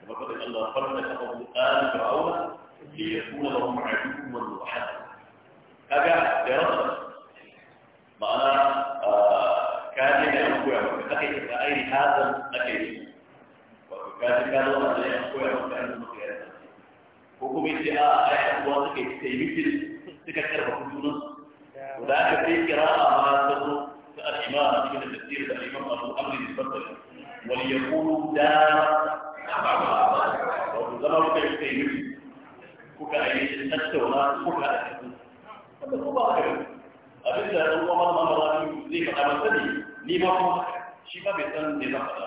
kamar fadin Allah farka ta ba abu ɗan fir'auna da ya kuma ba mu da kuma ajiyu wani wahal kaga da rasa ma'ana kaje da an koya maka kake da ainihin hazan ake yi ka ji ka zo da ya koya maka da maka ya ko kuma yace a ai kuwa suke sai mitin suka karba kudin su da aka sai kira'a ma ta zo ta al-imam ibn tafsir da imam Abu Amr al-Basri wal yakunu da wa zama kuka yi sai mitin kuka yi tattauna kuka a cikin wanda ko ba ka abin da ya zama mana mamaye zai faɗa masa ne ni ma kuma shi ma bai san ne na faɗa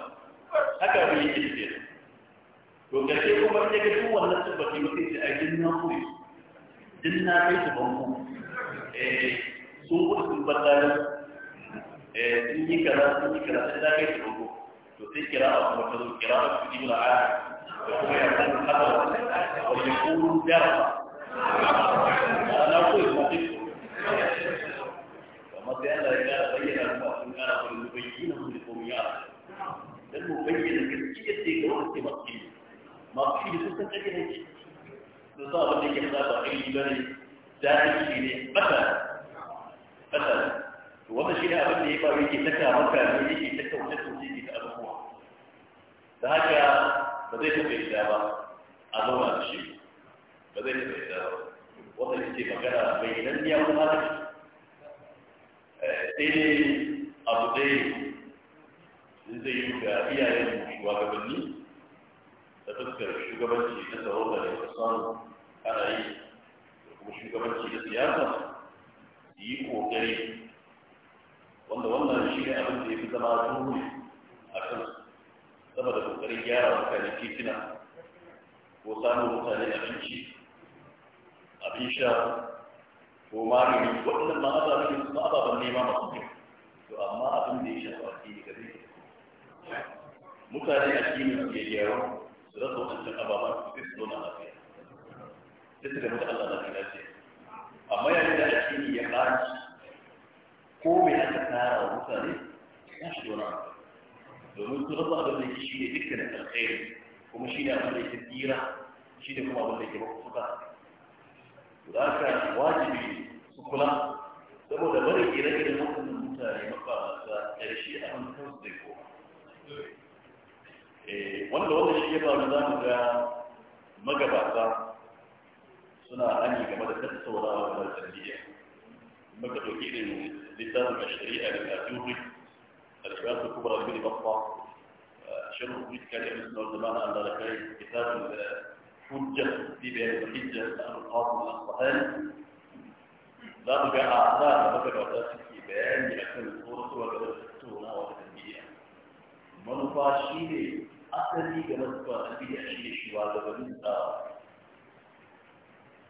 haka bai yi ilimi to gaske kuma in ga duk wannan tabbaki ba sai a jin na kuri din na kai su banku eh sun kuɗi sun bar dalil eh sun yi kaza sun yi kaza sai na kai su banku to sai kira a kuma ta zo kira a kuɗi bila a da kuma ya san hada wa ya kuru jarfa ana koyi ma duk amma sai Allah ya kara bayyana kuma sun kara kuma bayyana kuma ya dan mu bayyana gaskiyar da ga wani taimaki masu shi da sun san ne ke sun san da ke sa ba ilimi ba ne jahilci ne bata bata to wannan shi ne abin da ya faru yake ta kama kame yake ta kauce kauce yake ta abubuwa da haka ba zai taɓa yadda ba a zauna da shi ba zai taɓa yadda ba wata ce magana bai nan ya kuma haka eh, sai dai abu ɗaya zai yi ga iyayen shugabanni da fuskar shugabanci na tsaro da ya samu ana yi da kuma shugabanci da siyasa su yi kokari wanda wannan shi ne abin da ya fi zama duhu a kan saboda kokarin gyara mutane titina ko samun mutane abinci abin sha ko magani waɗannan ma ababen ma ababen nema masu kyau to amma abin da ya shafa addini ga zai mutane addini su ke gyara su rasa wadancan ababen su su zauna lafiya sai su gami da Allah na lafiya amma yayin da addini ya ɓaci ko mai aka tara wa mutane ya shi wani abu domin su rasa abin da yake shi ne dukkanin alkhairi kuma shi ne abin da yake tsira shi ne kuma abin da yake mafuka da aka wajibi su kula saboda bari ire-iren waɗannan mutane maka da ƙarshe abin kansu zai koma wanda wanda shi ya faru za mu ga magabata suna hani game da tattaunawa da shari'a maka ɗauki irin littafin a shari'a da ajuri al-shabab al-kubra ibn batta sharh fikr ibn zaman an da kai kitab al-hujja fi bayan al-hujja al-qasim al-asbahani za mu ga a da magabata suke bayani akan tsoron da tattaunawa da shari'a manufa shi ne asali ga masuwa a da shi ne shi wa tsawa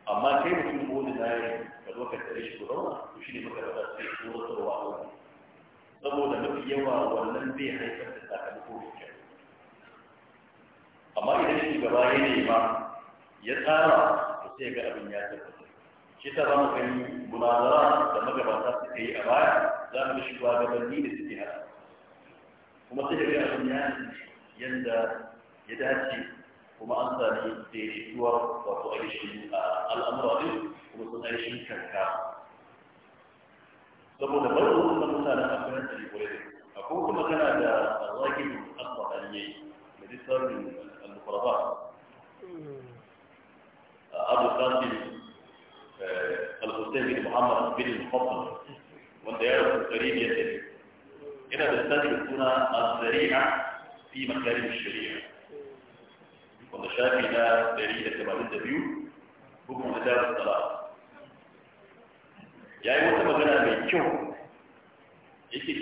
amma kai mutum ko da na yi ka zo ka tare shi ko rawa ko shi ne maka da sai ko rasarwa a wani saboda mafi yawa wannan zai haifar da sakamako mai kyau amma idan shi gaba ya nema ya tsara to sai ga abin ya tabbata shi ta zama yi munazara da magabata suka yi a baya za mu ga shugabanni da suke haka kuma sai ga abin ya tabbata yadda ya dace kuma an sami daidaituwar wato ainihin al'amura ne kuma sun ainihin kanka saboda barin wannan mutanen akwai talibai akwai kuma kana da zagin al-qur'aniyyi da lissafin al-qur'an abu qasim al-husayn bin muhammad bin al-fadl wanda ya rubuta tarihi ina da tsari suna al-zari'a في مخالف الشريعة ومشاكل دليل كما تدبيو حكم كتاب الطلاق يا أيها مغنى من كيو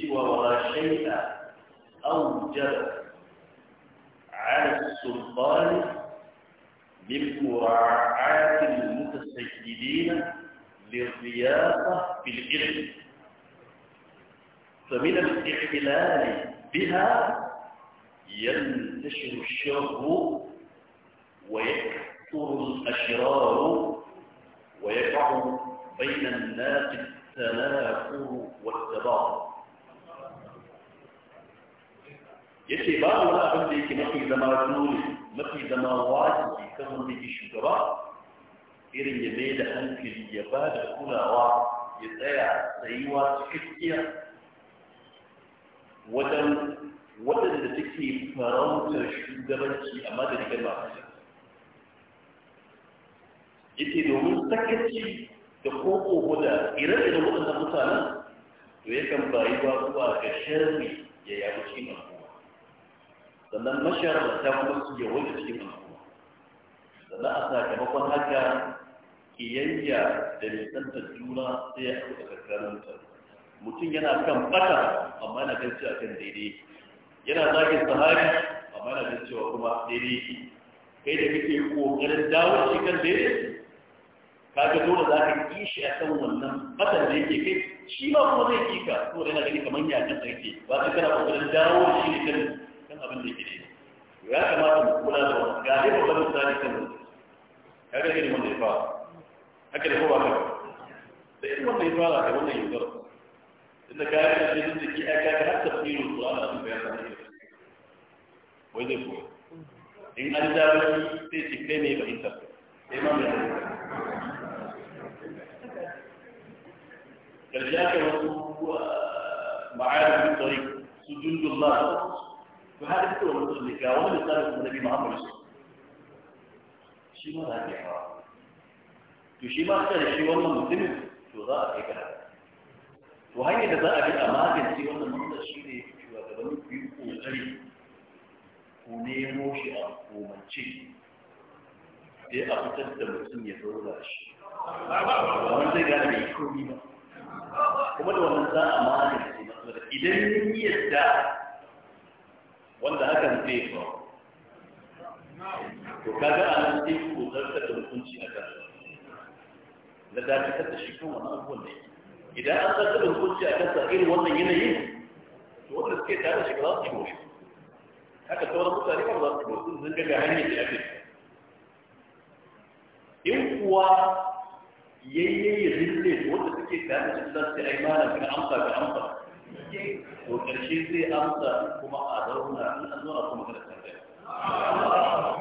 سوى ولا شيء أوجب على السلطان من مراعاة المتسيدين للرياضة في الإذن فمن الاحتلال بها ينتشر الشر ويكثر الأشرار ويقع بين الناس التنافر والتباعد يتي بعض لا أقول لك ما في زمان نوري ما في زمان واجب كمن بيجي شجرة إرن يميد أنك ليباد كل واحد يتايع سيوات كثير ودن waɗanda suke farautar shugabanci a madadin ba yake domin sakaci da koko da ire-iren waɗannan mutanen to yakan bayi ba kuwa ga shirme ya yawo cikin al'umma sannan ta kuma su da cikin al'umma sannan a sakamakon haka kiyayya da nisanta juna sai ya haɗu mutum yana kan fata amma yana kan ci a kan daidai yana zagin sahabi amma yana jin cewa kuma daidai yake kai da kake kokarin dawo shi kan daidai kaga dole za ka ki shi a kan wannan fatan da yake kai shi ma kuma zai ki ka saboda yana gani kamar ya kan sarki ba ka kana kokarin dawo shi ne kan kan abin da yake daidai ya kamata mu kula da wannan ga dai babban misali kan wannan kaga irin wanda ya fara haka da ko ba ka da irin wanda ya fara da wannan yanzu tunda ka yi da jin da ki aka ga har tafsirin su ana sun bayan sanin da wai zai koyi in an ja baki sai ce kai ne ba ita sai ma mai karshe aka wasu ma'ayyar tsari su dundun ma to har ita wani tsari ga wani misalin kuma nabi muhammadu shi ma za ka yi hawa to shi ma ka da shi wannan mutumin to za a kai ka haka to hanyar da za a bi a magance wannan matsalar shi ne shugabannin ku yi ƙoƙari ku nemo shi a komance sai a fitar da mutum ya zaura shi wannan zai gane mai komi ba kuma da wannan za a magance matsalar idan yin yadda wanda hakan zai faru to kaga a nan sai ku zartar da hukunci a kan na dakatar da shi kan wani abubuwan da yake idan an san kada hukunci a kansa irin wannan yanayin to wanda suke tare shi ba za su yi moshi haka sauran mutane ba za su yi moshi sun ga hanyar da ake in kuwa yayye ya zille wanda suke tare shi za su yi malam ka amsa ka amsa to karshe zai amsa kuma a zauna in an zauna kuma kada tambaya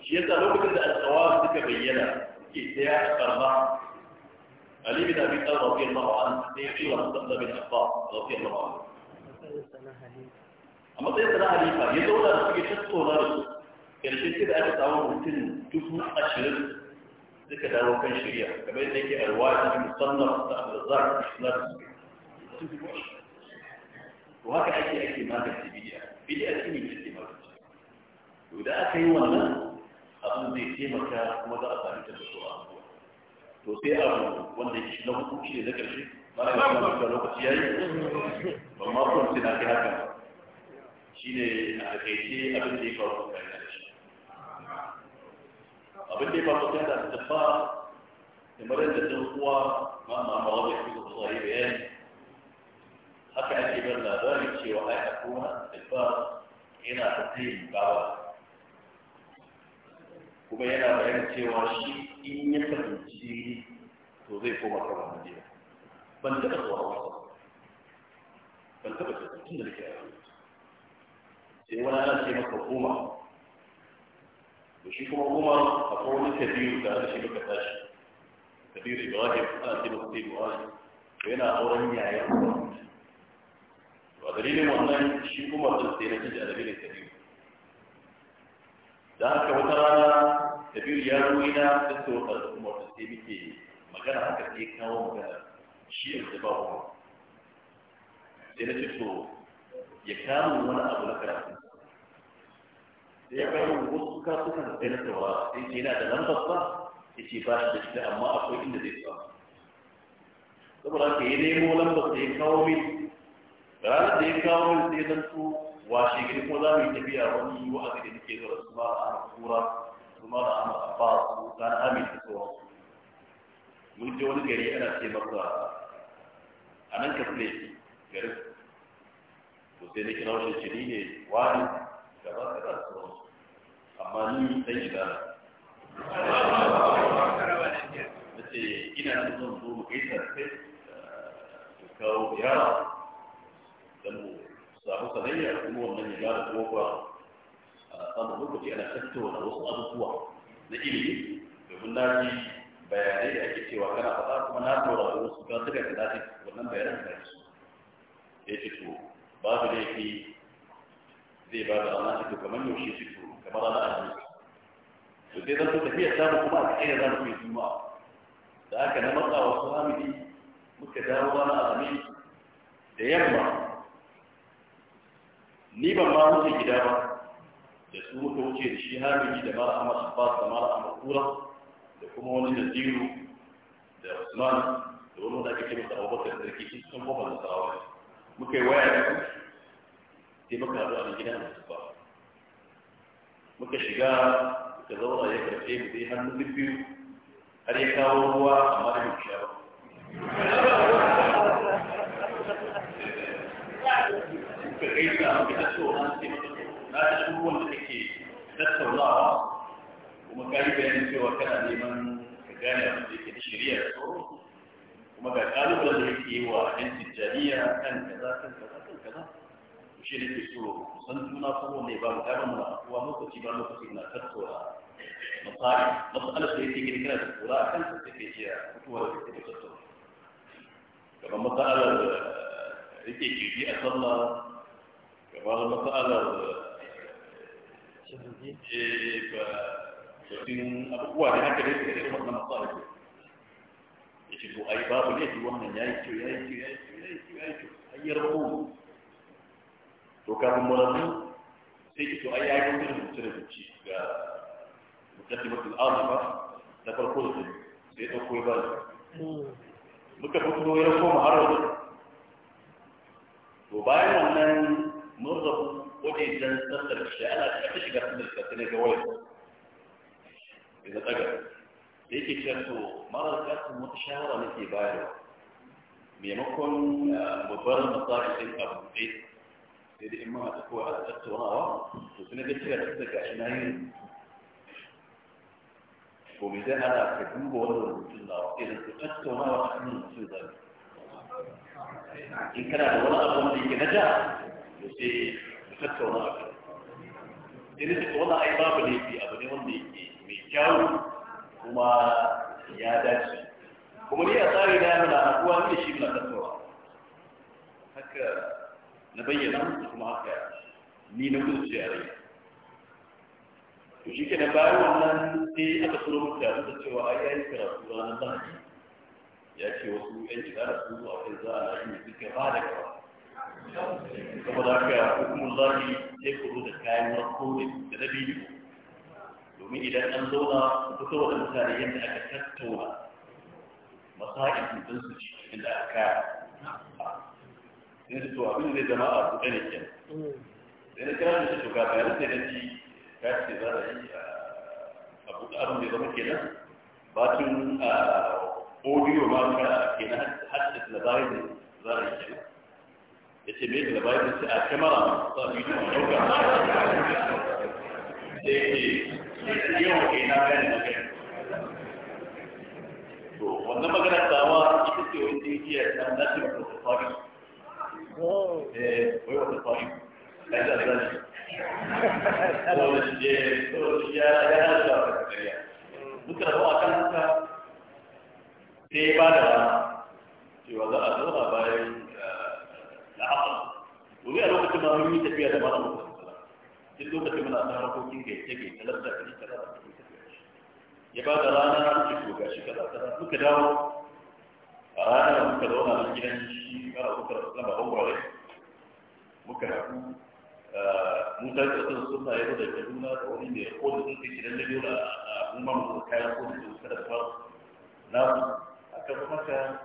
shi yasa lokacin da alƙawar suka bayyana suke tsaya a karba علي بن أبي طالب رضي الله عنه سيدي وحسن بن عباس رضي الله عنه أما سيدنا خليفة يدعو لنا في شخصه لنا يرشد كده أنا تعاون مثل جفن أشرف ذكر ده وكان شريعة كمان يجي الواجب المصنف في الزهر إسلام وهكذا أي أكل ما بس بدي بدي أكل من بدي ما بس وده أكل ولا أظن زي ما كان وده أظن تبصوا to sai abu wanda shi na hudu shi ne na ƙarshe ba na gaba da lokaci ya yi ba ma kun sai na kai hakan shi ne a takaice abin da ya faru a kai da shi abin da ya faru a kai da tafa kamar yadda ɗan uwa ma ma ma wanda ya fi da tsari bayani haka ake bar labarin cewa ai akwai tafa yana tafiyin gawa kuma yana bayan cewa shi in ya fahimci to zai koma kan wannan jiya ban taɓa zuwa wasa ban taɓa zuwa tun da nake yaro sai wani ana ce maka koma to shi kuma koma akwai wani kabiru da ana ce maka tashi kabiru ibrahim ana ce maka sai ibrahim to yana auren yayan to a dalilin wannan shi kuma da sai na jin da dalilin kabiru ذلك وترانا تبير يروينا بسوطة الأمور تسيبكي مكان حكا فيك نوع مكان شيء الزبابه لأنه تشوف يكامل من أبو لكرا لأنه يبقى يبقى يبقى يبقى يبقى يبقى يبقى يبقى يبقى يبقى يبقى يبقى أما أقوى إن ذي صار لما رأى كيدي مولم بسيكاومي رأى washe gari ko za mu yi tafiya wani wa'azi da nake zuwa su ma da ana kura su ma da ana afa su ta na amin da sauran mun je wani gari ana ce masa a nan ka fule garin to sai na kira shi cini ne wani gaba ka da sauran amma ni dan idana na ce ina da zan zo mu gaisa sai kawo yara dan mu samu sanayya kuma wannan ya gane kofa a samun lokaci ana tattauna wasu abubuwa na ilimi domin na ji bayanai da ake cewa kana faɗa kuma na saurari wasu kan suka ka dace wannan bayanan da su ya ce to babu laifi zai ba da rana ce to kamar yaushe ce to kamar rana a to sai zan so tafiya samu kuma a tsaye da za mu da haka na matsa wasu hamidi muka dawo rana a da yamma ni ban ma wuce gida ba da su muka wuce da shi hamidi da mara amma abbas da mara amma kura da kuma wani da ziru da usman da wani wanda ake ce masa abubakar sarki sun san kuma da sarawa muka yi waya da su sai muka haɗu a gidan da su ba muka shiga muka zauna ya karfe mu dai hannu biyu har ya kawo ruwa amma da mu sha ba shi ne ke so san juna ko ne ba mu gaba mu kuwa lokaci ba lokaci na tattauna misali matsalar da yake gina da kura a kansa take iya fitowa da take tattauna gaba matsalar yake kirji a sallah gaba matsalar cikin abubuwa da haka da suka irin wannan matsalar ne ya ce to ai babu ne wannan ya yi kyau ya yi kyau ya yi kyau ya yi kyau ya yi kyau to kafin mu rabu sai ki to ai ya yi rubuce rubuce ga mukaddimatul azifa na farko da sai ta koyi ba muka fito ya koma har wajen to bayan wannan mun rabu wajen jan sallar shi ana ta shiga sallar ka sai ga wayar idan daga da yake cewa to marar kasin wata shawara nake bayarwa maimakon babbar masarifin abu ɗaya إذا إما هو التراوة وسنة كثيرة تبدأ عشنين وبدأ كدوب ولو في الله إذا تقدت وما وحنين في ذلك إن كان ولا أظن إن نجا يسي تقدت وما وحنين إذا تقول أي باب لي في أبني وندي ميكاو وما سيادات ومن هي أصاري دائما أقوى من شيء من التراوة هكذا na bayyana musu kuma haka ni na kudurci a rai to shi ke da bayan wannan sai aka turo musu da da cewa ai yayi karatu ranar lahadi ya ce wasu yan kidara su zuwa kai za a yi suke ba da gaba saboda haka hukumar zafi sai ku da kayan warko da na bidiyo domin idan an zauna ku fito da mutane yadda aka tattauna masa'in don su ci inda aka kaya sai da to abin zai zama a buɗe ne kenan sai na kira shi to ga bayan sai na ci da ce za a yi a buɗe abin da zama kenan batun audio ma ka kenan haddasa labarin ne za a yi kenan ya ce mai labarin sai a kamara ma za a yi da ɗauka da ya ce yau ke na gane na gane to wannan magana tawa ita ce wanda ya iya na nashin profesori eh wai wata fa'i ai da zan ya ba da a a yi rana na muka dawo a ranar muka zauna a gidan shi mara kuka da suna gwale muka haku mun da suna yau da kaduna da wani mai kodin sun kai gidan da mu kodin na a maka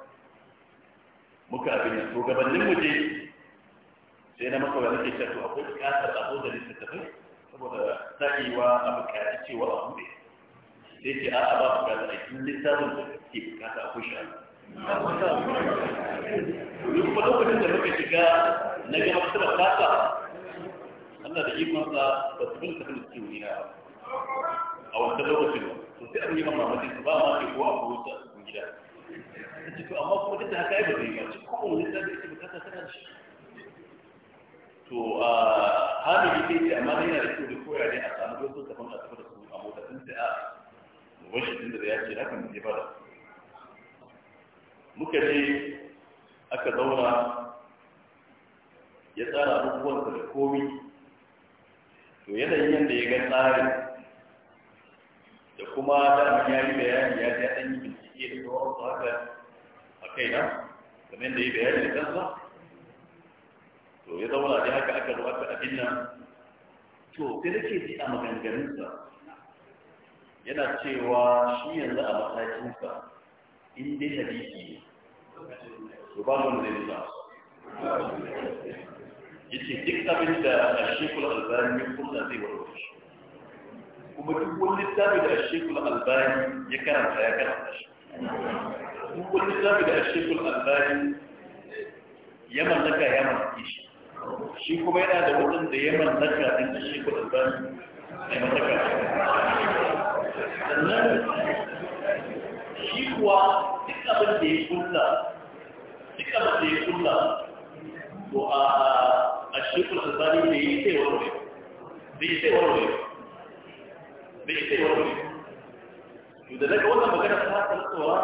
muka abin to gabanin sai na maka wani ke cewa akwai bukatar a zo da littattafai saboda sa'iwa a bukaci cewa a sai a'a ba bukatar a cikin littafin da ke bukata akwai duk kuma lokacin da muka shiga na gina wasu da kasa Allah da ikonsa ba su bin tafi da cikin gida ba a wata lokacin to sai an yi mamma mace ba ma ce ko a kowace a cikin gida ta to amma kuma duk da haka ya ba zai yi ba ko wani da zai ce bukata tana da shi to a hamidi sai ce amma yana da kyau da koya ne a samu wasu tafin a tafi da su a motsa sun sai a mu bashi tun da ya ce hakan da ya bada muka ce aka zauna ya tsara abubuwan da komi to yanayin yadda ya ga tsarin da kuma daman ya yi bayani ya ji ɗan yi bincike da sauransu haka a kai na kamar da ya bayani da kansa to ya zauna da haka aka zuwa aka abin nan to sai ke ji a maganganunsa yana cewa shi yanzu a matakinsa in dai hadisi to ba mu da ba yace duk abin da Sheikh Al-Albani ya kulla zai warware shi kuma duk wani littafi da Sheikh Al-Albani ya karanta ya karanta shi duk wani littafi da Sheikh Al-Albani ya mallaka ya mallaki shi shi kuma yana da wurin da ya mallaka din Sheikh Al-Albani ya mallaka sannan shi kuwa duk abin da ya kulla duk abin da ya kulla to a a shi kulla tsari da ya sai warware da ya sai warware da ya sai warware to da daga wannan magana ta haka tsawa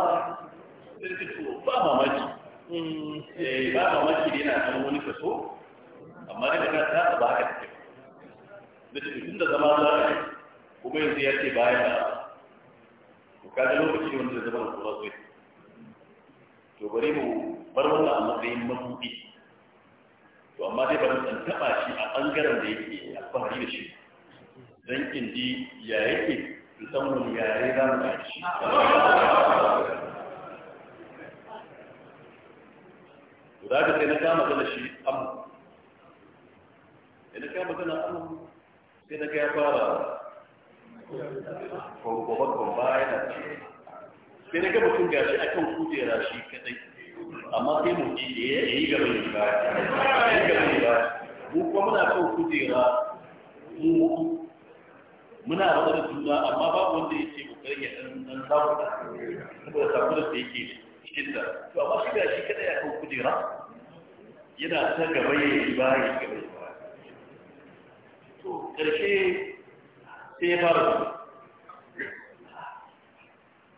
sai to ba mamaki eh ba mamaki da yana kan wani kaso amma da kana ta ba haka take da tun da zama za kuma yanzu ya ce bayan da da lokaci wanda zai zama da kuma zai to bari mu bar wannan a matsayin mabuɗi to amma dai bari in taɓa shi a ɓangaren da yake alfahari da shi don in ji ya yake su san wani yare za mu yi shi to da ka sai na kama da shi amma da na kama na amma sai na ga ya fara ko babban baya sai na gaba tun gashi akan kujera shi kadai amma sai mu ji da ya yi gaba ne ba ya yi gaba ne ba mu kuma muna kan kujera mu muna rawa da juna amma ba wanda ya ce kokarin ya dan dan samu da saboda samu da ke cikin da to amma shi gashi kadai akan kujera yana ta gaba ya yi ba ya yi gaba to karshe sai ya fara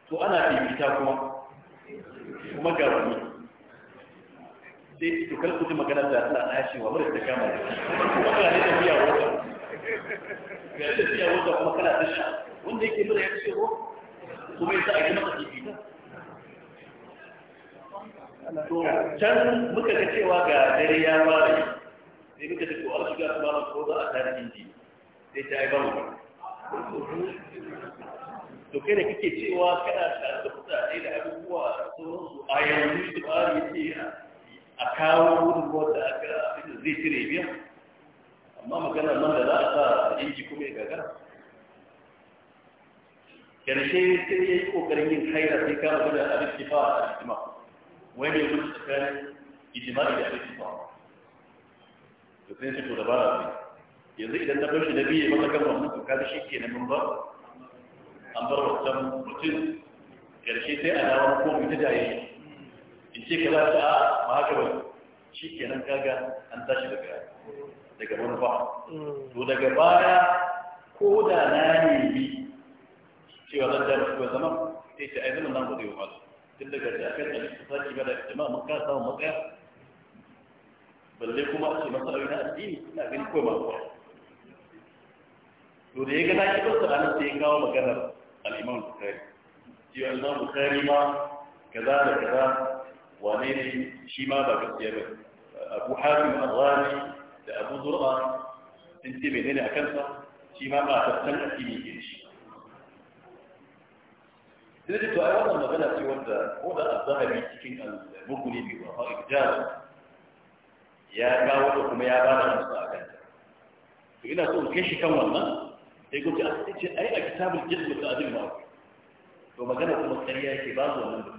to ana fifita kuma kuma ga wani sai to kar ku ji magana da ana wa mura ta kama da kuma ga da biya wata ga da biya wata kuma kana ta sha wanda yake mura ya ce ko oh, kuma yasa ake masa fifita to can muka ga cewa ga dare ya fara sai muka ko to shiga ya ba su ko za a tarihin ji sai ta yi ba mu to kai kake cewa kada tare da kudade da abubuwa da sauransu a yanzu da bari ce a kawo gudunmuwar da aka abin zai cire biya amma magana nan da za a sa inji kuma ya gagara karshe sai ya yi kokarin yin haira sai kama gudu a abin kifa a ijima wani ya gudu tsakanin ijima da abin kifa to sai shi to dabara ne yanzu idan ta ɗauki na biye maka gama mutu ka shi ke na mamba an bar wancan mutum ƙarshe sai a dawo ko mu ta jaye in ce ka za ta a ma haka ba shi ke nan kaga an tashi daga daga manufa to daga baya ko da na nemi cewa zan ta mashi zama sai ta aizama nan ba zai yi masu tun daga jafiyar da ta sake ba da jama'a mun ka samun matsaya balle kuma a ce masa aure addini ina gani ko ba kuwa to da ya ga na kibar sa ranar sai ya kawo maganar al'imam bukari cewa al'imam bukari ma kaza da kaza wane ne shi ma ba gaskiya ba abu hakim arwani da abu zur'a sun ce menene a kansa shi ma ba tattan addini ne shi sai da to ai wannan magana ce wanda ko da az-zahabi cikin al-mughni bi wa fa'id ya kawo da kuma ya bada musu a kanta to ina so in kai shi kan wannan sai ku ce a ce ai a kitabul jinn da azin ba to magana kuma ƙarya yake babu wannan da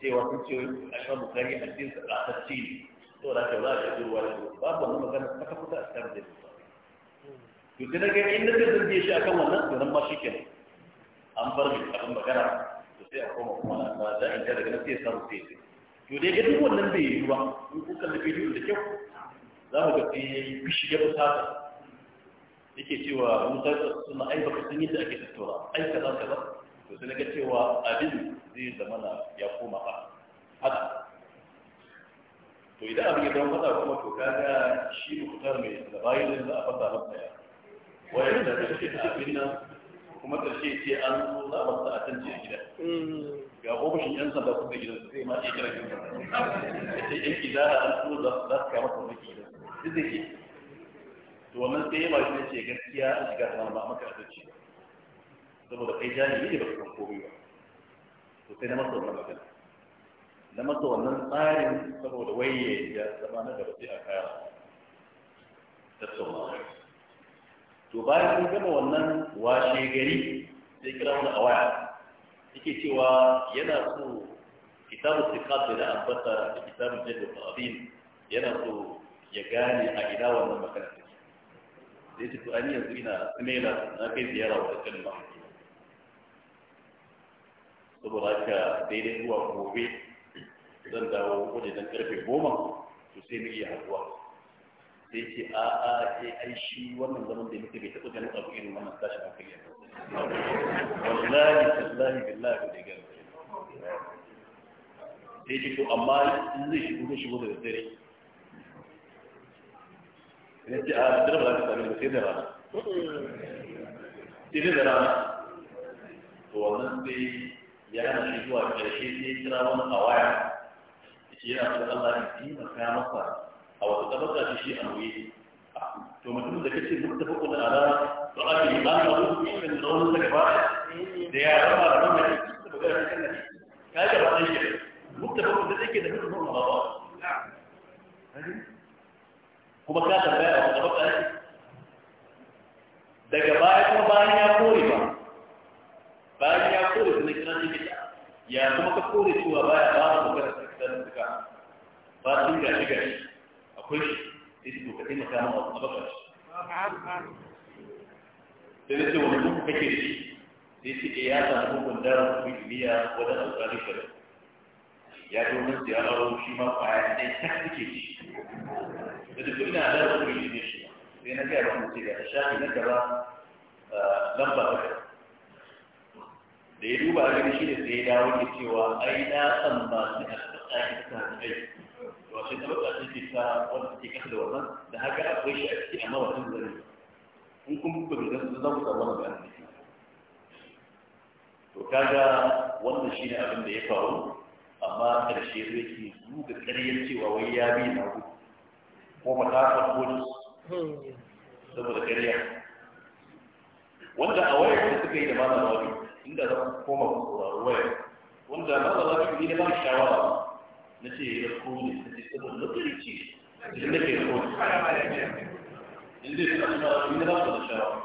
cewa sun ce alfa bukari addin sa ƙasarci ne to da ka za a ji ruwa da babu wannan magana ta kafa a kitabul jinn to sai daga inda da zan je shi akan wannan to nan ma shikenan an bar ni abin magana to sai a koma kuma na ta da inda daga nan sai samu sai to dai duk wannan bai yi ba in kuka da bidiyo da kyau za mu ga sai bishi ya fusata yake cewa musa suna ai baka sun yi da ake tattaura ai kaza kaza to sai naga cewa abin zai zama na ya koma ba haka to idan abin ya zama fada kuma to kaga shi mutar mai da bayan da a fasa masa ya wayar da ce da abin nan kuma karshe ce an zo za a masa a tanci a gida mm. ga ofishin yan sanda kuma da gidan sai ma iya kira gidan ya ce yan gida an zo za su kama sa wani gidan duk da ke to wannan sai ya bashi na ce gaskiya a shiga ta ba maka azanci ba saboda kai jani ne ba san komai ba to sai na masa wannan magana na masa wannan tsarin saboda waye ya zama na gaba sai a ta tattaunawa to bayan sun gama wannan washe gari sai kira wani a waya yake cewa yana so kitabun sikar da ambata da kitabu jaddar abin yana so ya gane a ina wannan magana da ya ce to ani yanzu ina sinela na kai ziyara wa can ma saboda haka daidai zuwa gobe zan dawo wajen karfe goma to sai mu iya haduwa sai ce a a sai ai shi wannan zaman da muke bai taɓa ganin abu irin wannan tashin hankali a wallahi tallahi billahi bai gani sai ce to amma in zai shigo zai shigo da dare ya ce aa da ba za ka sami sai da rana sai da rana to wannan sai ya hana shi zuwa ƙarshe sai ya kira wani a waya ce yana so Allah ya taimaka masa a wata tabaka shi shi a wuyi to mutum da kace na ala ra'ayi ba ka rubuta cikin rawar da gaba da ya raba da wannan saboda kan ka ga ba shi muttafaqun da ke da mutum ba ba kuma ka tambaya ba gaba ka daga baya kuma bayan ya kore ba bayan ya kore su na kira shi kita ya kuma ka kore cewa baya ba mu magana da kita da suka ba su ga shi ga shi akwai shi sai su ka taimaka mu a baka shi sai da ce wani duk kake da shi sai su ke ya samu hukun da rubutu biya wajen alƙalin shari'a ya zo nan da ya rawo shi ma kwaya ɗaya ta suke ci da duk ina da rawo ne ne shi sai na gaya wani ce ga shafi na gaba lamba ta da ya duba gani shi ne sai ya dawo ke cewa ai na san ba su a tsaka da ta kai to sai ta bukata ce ta wanda take kasa da wannan da haka akwai shi a ciki amma ba sun zane in kun buga da zan ku samu wannan to kaga wannan shine abin da ya faru amma ƙarshe zai ke duka ƙaryar cewa wai ya bi na gudu ko matafar gudu saboda ƙarya wanda a wayar da suka yi da malam rabi inda za ku koma ku sauraro wayar wanda malam rabi ne ba shawara na ce ya ko ne ta ce saboda lokaci ce inda ke ko inda ya suna rabi ne ba su da shawara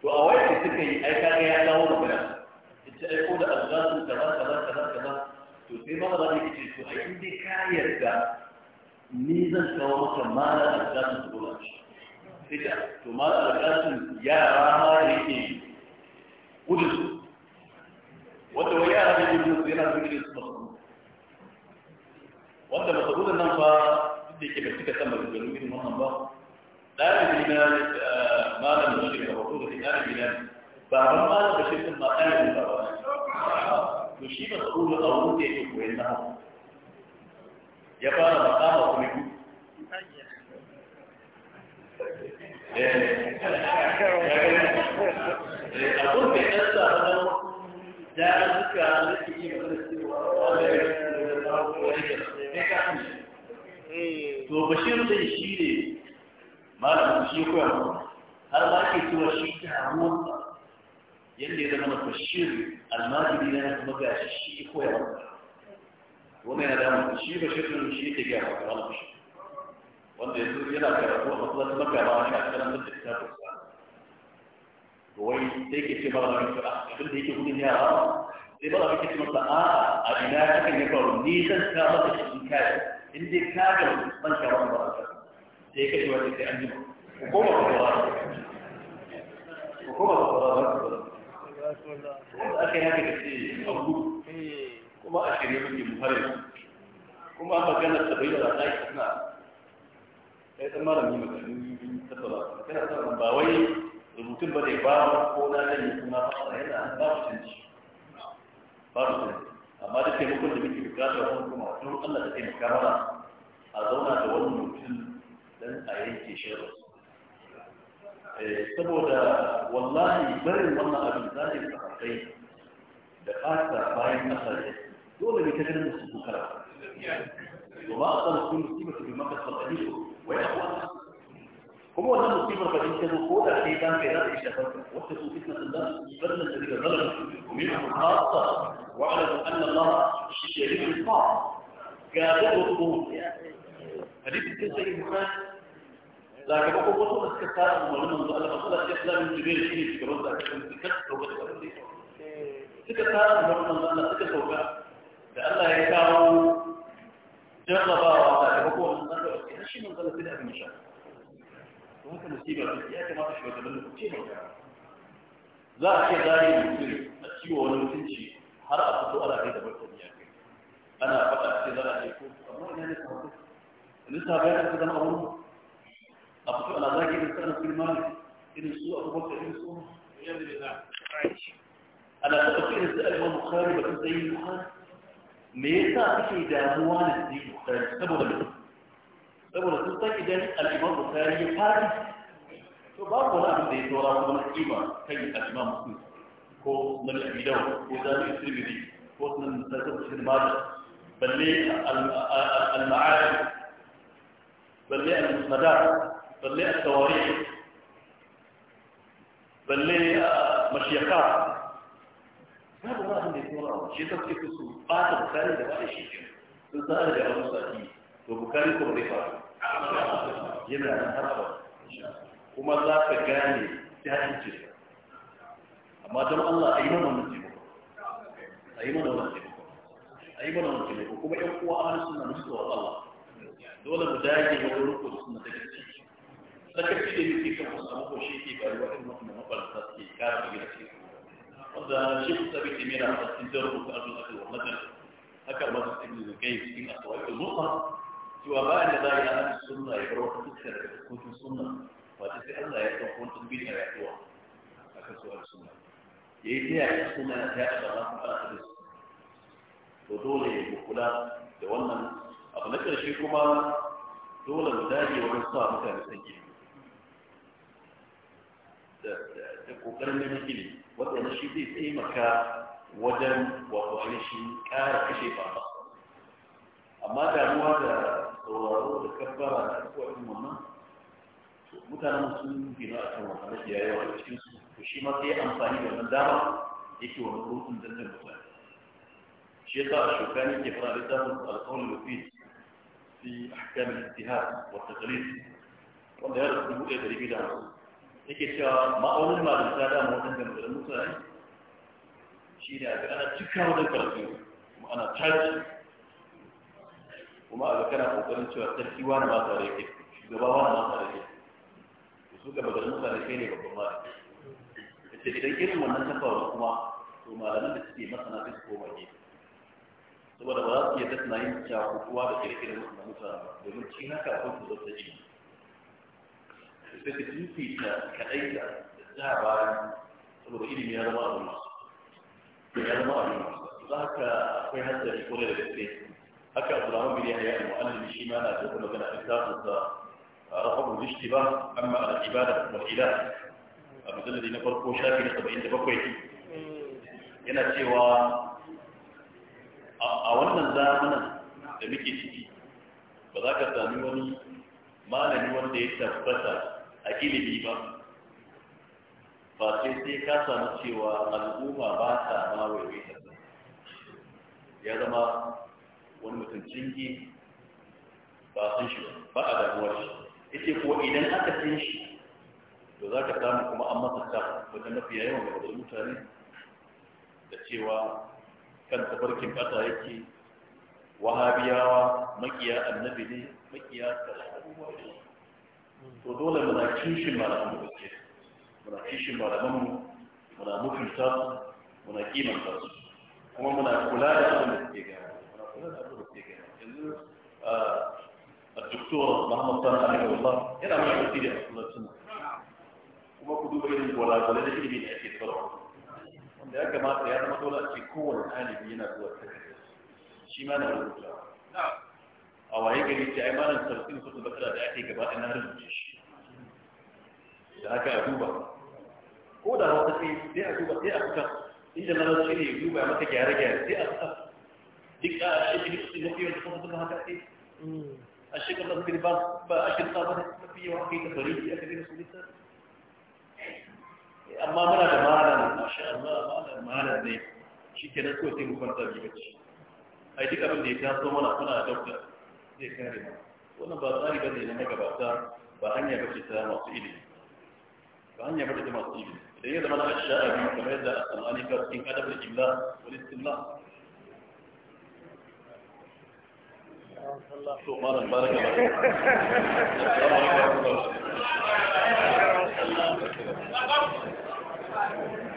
to a wayar da suka yi ai kaga ya dawo magana ta aiko da albasu kaza kaza kaza kaza to sai ma za mu ce to ai dai ka yarda ni zan kawo maka mara albasu su goma sai ta to mara albasu yara ma da yake gudun wanda wani yara da yake gudun yana gudun su masu wanda masu gudun nan fa duk da yake ba cika san maganganu irin wannan ba ɗalibin na malam da shi da hoto da ɗalibin na baban malam bashir din ma ɗalibin to shi a wurin da yake koyon ya fara kuma eh. Eh, ya sa na nake yi to shi ne malamin shi koyarwa har ma ke cewa shi ta hamuwa yadda ya zama bashir almajiri na kuma ga shi shi koyarwa wannan yana damu shi bashir ɗin shi yake gaya wa ƙwarar bashir wanda yanzu yana karatu a matsalar makara ne a kanan da ta ta to wai sai ke ce mara mai kira abin da yake gudun yara sai mara mai kira masa a a ina hakan ya faru ni zan ka maka cikin kayan in dai ka ga ban ka wani ba ka sai ka ce wani sai an jima ko ba ka ba ko ba ka ba aka yi haka da ce a gudu kuma a shirya mafi muharri kuma a magana da bai da za a suna ya san mara mai maganin ta sauran kana sa ba wai rubutun ba ne ba ko na nan yi kuma fasa yana ba su canji ba su canji amma da taimakon da muke bukatar wani kuma don Allah da taimaka mana a zauna da wani mutum dan a yanke shirin saboda wallahi barin wannan abin zalim da kai da kasa bayan kasa dole ne ta ganin da su kukara وما أصل كل مصيبة بما كسب أبيه ويقوى kuma wannan musibar ba ta zo ko da sai dan bai zai shafa wata su fitna da barna da daga zalim min khassa wa ala anna Allah shari'ul fa ga da ku hadisi sai Bukhari sakamakon kuma da suka sa umarnin manzo Allah masu da islamin jibril shi ne shugaban da aka suka sauka da wani da suka sa umarnin manzo Allah suka sauka da Allah ya kawo jarrabawa sakamakon wannan zanga wasu ya shi manzo Allah sai da abin sha to haka musiba ya kamata shugaban da kuce mai za a ce zari mutum a ciwo wani mutunci har a fito ana kai da martani ya kai ana faɗa a ce za a ce ko amma ina ne sahabbai ne sahabbai ne su zama a wurin a fito ala zaki da sanar filma irin su abubakar irin su ala tafiyar da alman bukari ba ta yi bukari me yasa ake damuwa da zai bukari saboda ne saboda sun san idan al'imam bukari ya fari to babu wani abin da ya saura kuma na kima kan al'imam musulmi ko na al'idau ko zami sirmiri ko sunan sarkar shirin mada balle al-ma'ari balle al-musnadar بل لي التواريخ بل لي آه، مشيخات هذا ما عندي في مرأة شيء تبكي في السوق قاعدة بخاري ده بعد الشيء سلطة أرجع لنصاتي وبخاري كم رفاق يمنع أن أرفع وما الله فقاني في هذه الجزء أما جمع الله أيمن من الجمهور أيمن من الجمهور أيمن من الجمهور وكما يقوى أهل السنة نسوى الله دولة مدايجة وقلوك السنة تجد الشيء sakaci da yake kan wasu abubuwa shi ke faruwa in mutum mabalanta ke kara da gidace wanda shi kusa bai kimiyya a cikin jarumar da arzikin akwai wannan haka masu cikin da kai cikin asawai da musa cewa bayan da za a yi ana sunna ya bar wata fuskar da hukuncin ba ta sai allah ya ɗauko wata bidiyar ya tuwa a kan suwar suna ya yi taya ya sunna ya taya da masu ana hadis to dole ya kula da wannan abu na ƙarshe kuma dole mu dage wurin sa mutane san ilimi da kokarin neman ilimi wanda shi zai taimaka wajen wato ainihin ƙara kashe ba amma damuwa da sauraro da kabbara da abubuwan wannan mutanen sun gina a kan wannan mafi yawa a cikin su to shi ma sai amfani da wannan dama yake wani rukun dandan mutane shi yasa a shukani ke fara da samun alƙawarin lufi fi ahkamin ittihad wa taqlid wanda ya rubuta da rigida yake cewa ma'aunin ba da ta dama da gangarin mutane shi ne a ga ana cika wajen karfi kuma ana tashi kuma a ga kana kokarin cewa sarki wani ma tare yake shugaba wani ma tare yake su gaba da mutane kai ne babban ma ke idan irin wannan tafawa faru kuma to malamin da suke masana sai su koma gefe saboda ba za su iya tasna yin cakukuwa da kirkirar mutane domin cikin haka akwai su zata jini take fifita kaɗai da da bayan saboda ilimi ya zama abin masu ya zama abin masu za ka akwai hanzari kore da gaske haka abdulrahman bin yahya al-mu'allim shi ma na da magana a tsarin sa rahabu al-ishtiba amma al-ibada wal ilah a mujalladi na farko shafi na 77 yana cewa a wannan zamanin da muke ciki ba za ka sami wani malami wanda ya tabbata a ilimi ba ba sai sai ka samu cewa al'umma ba ta ma waiwaita ba ya zama wani mutum cinki ba san shi ba a damuwar shi ita ko idan aka san shi to za ka samu kuma an masa ta wajen mafiya yawan da mutane da cewa kan tafarkin ƙasa yake wahabiyawa makiya annabi ne makiya kaza abubuwa ne to dole muna kishin malaman da gaske muna kishin malaman mu muna mutunta su muna kimanta su kuma muna kula da abin da suke gaya muna kula da abin da suke gaya yanzu الدكتور محمد صالح رحمه الله yana mai aiki da asalin suna kuma ku duba irin gwalagwalai da ilimin da ake tsaro wanda ya kamata ya zama dole a ce kowane ɗalibi yana zuwa sakandare shi ma na rubuta a waye gari ce ai malam tafsirin kusa bakara da ake gaba ɗaya na rubuce shi da haka a duba ko da wata sai sai a duba sai a fita inda na rasu ne duba mata gyare-gyare sai a fita duk a shi ne kusa mafi yawan kusa kuma haka sai a shekar da suke ba ba a shi ta bada mafi yawan kai ta bari a kare su nisa amma muna da malam masha Allah malam malam ne shi kenan kawai sai mu kwanta biyar ci ai duk abin da ya taso mana kuna da doktor zai kare mu wannan ba tsari bane na magabata ba hanya ba ce ta masu ilimi ba hanya ba ce ta masu ilimi idan ya zama na asha'abi kamar yadda al'ani ka cikin adab da jimla wani istimla to malam baraka ba Thank you.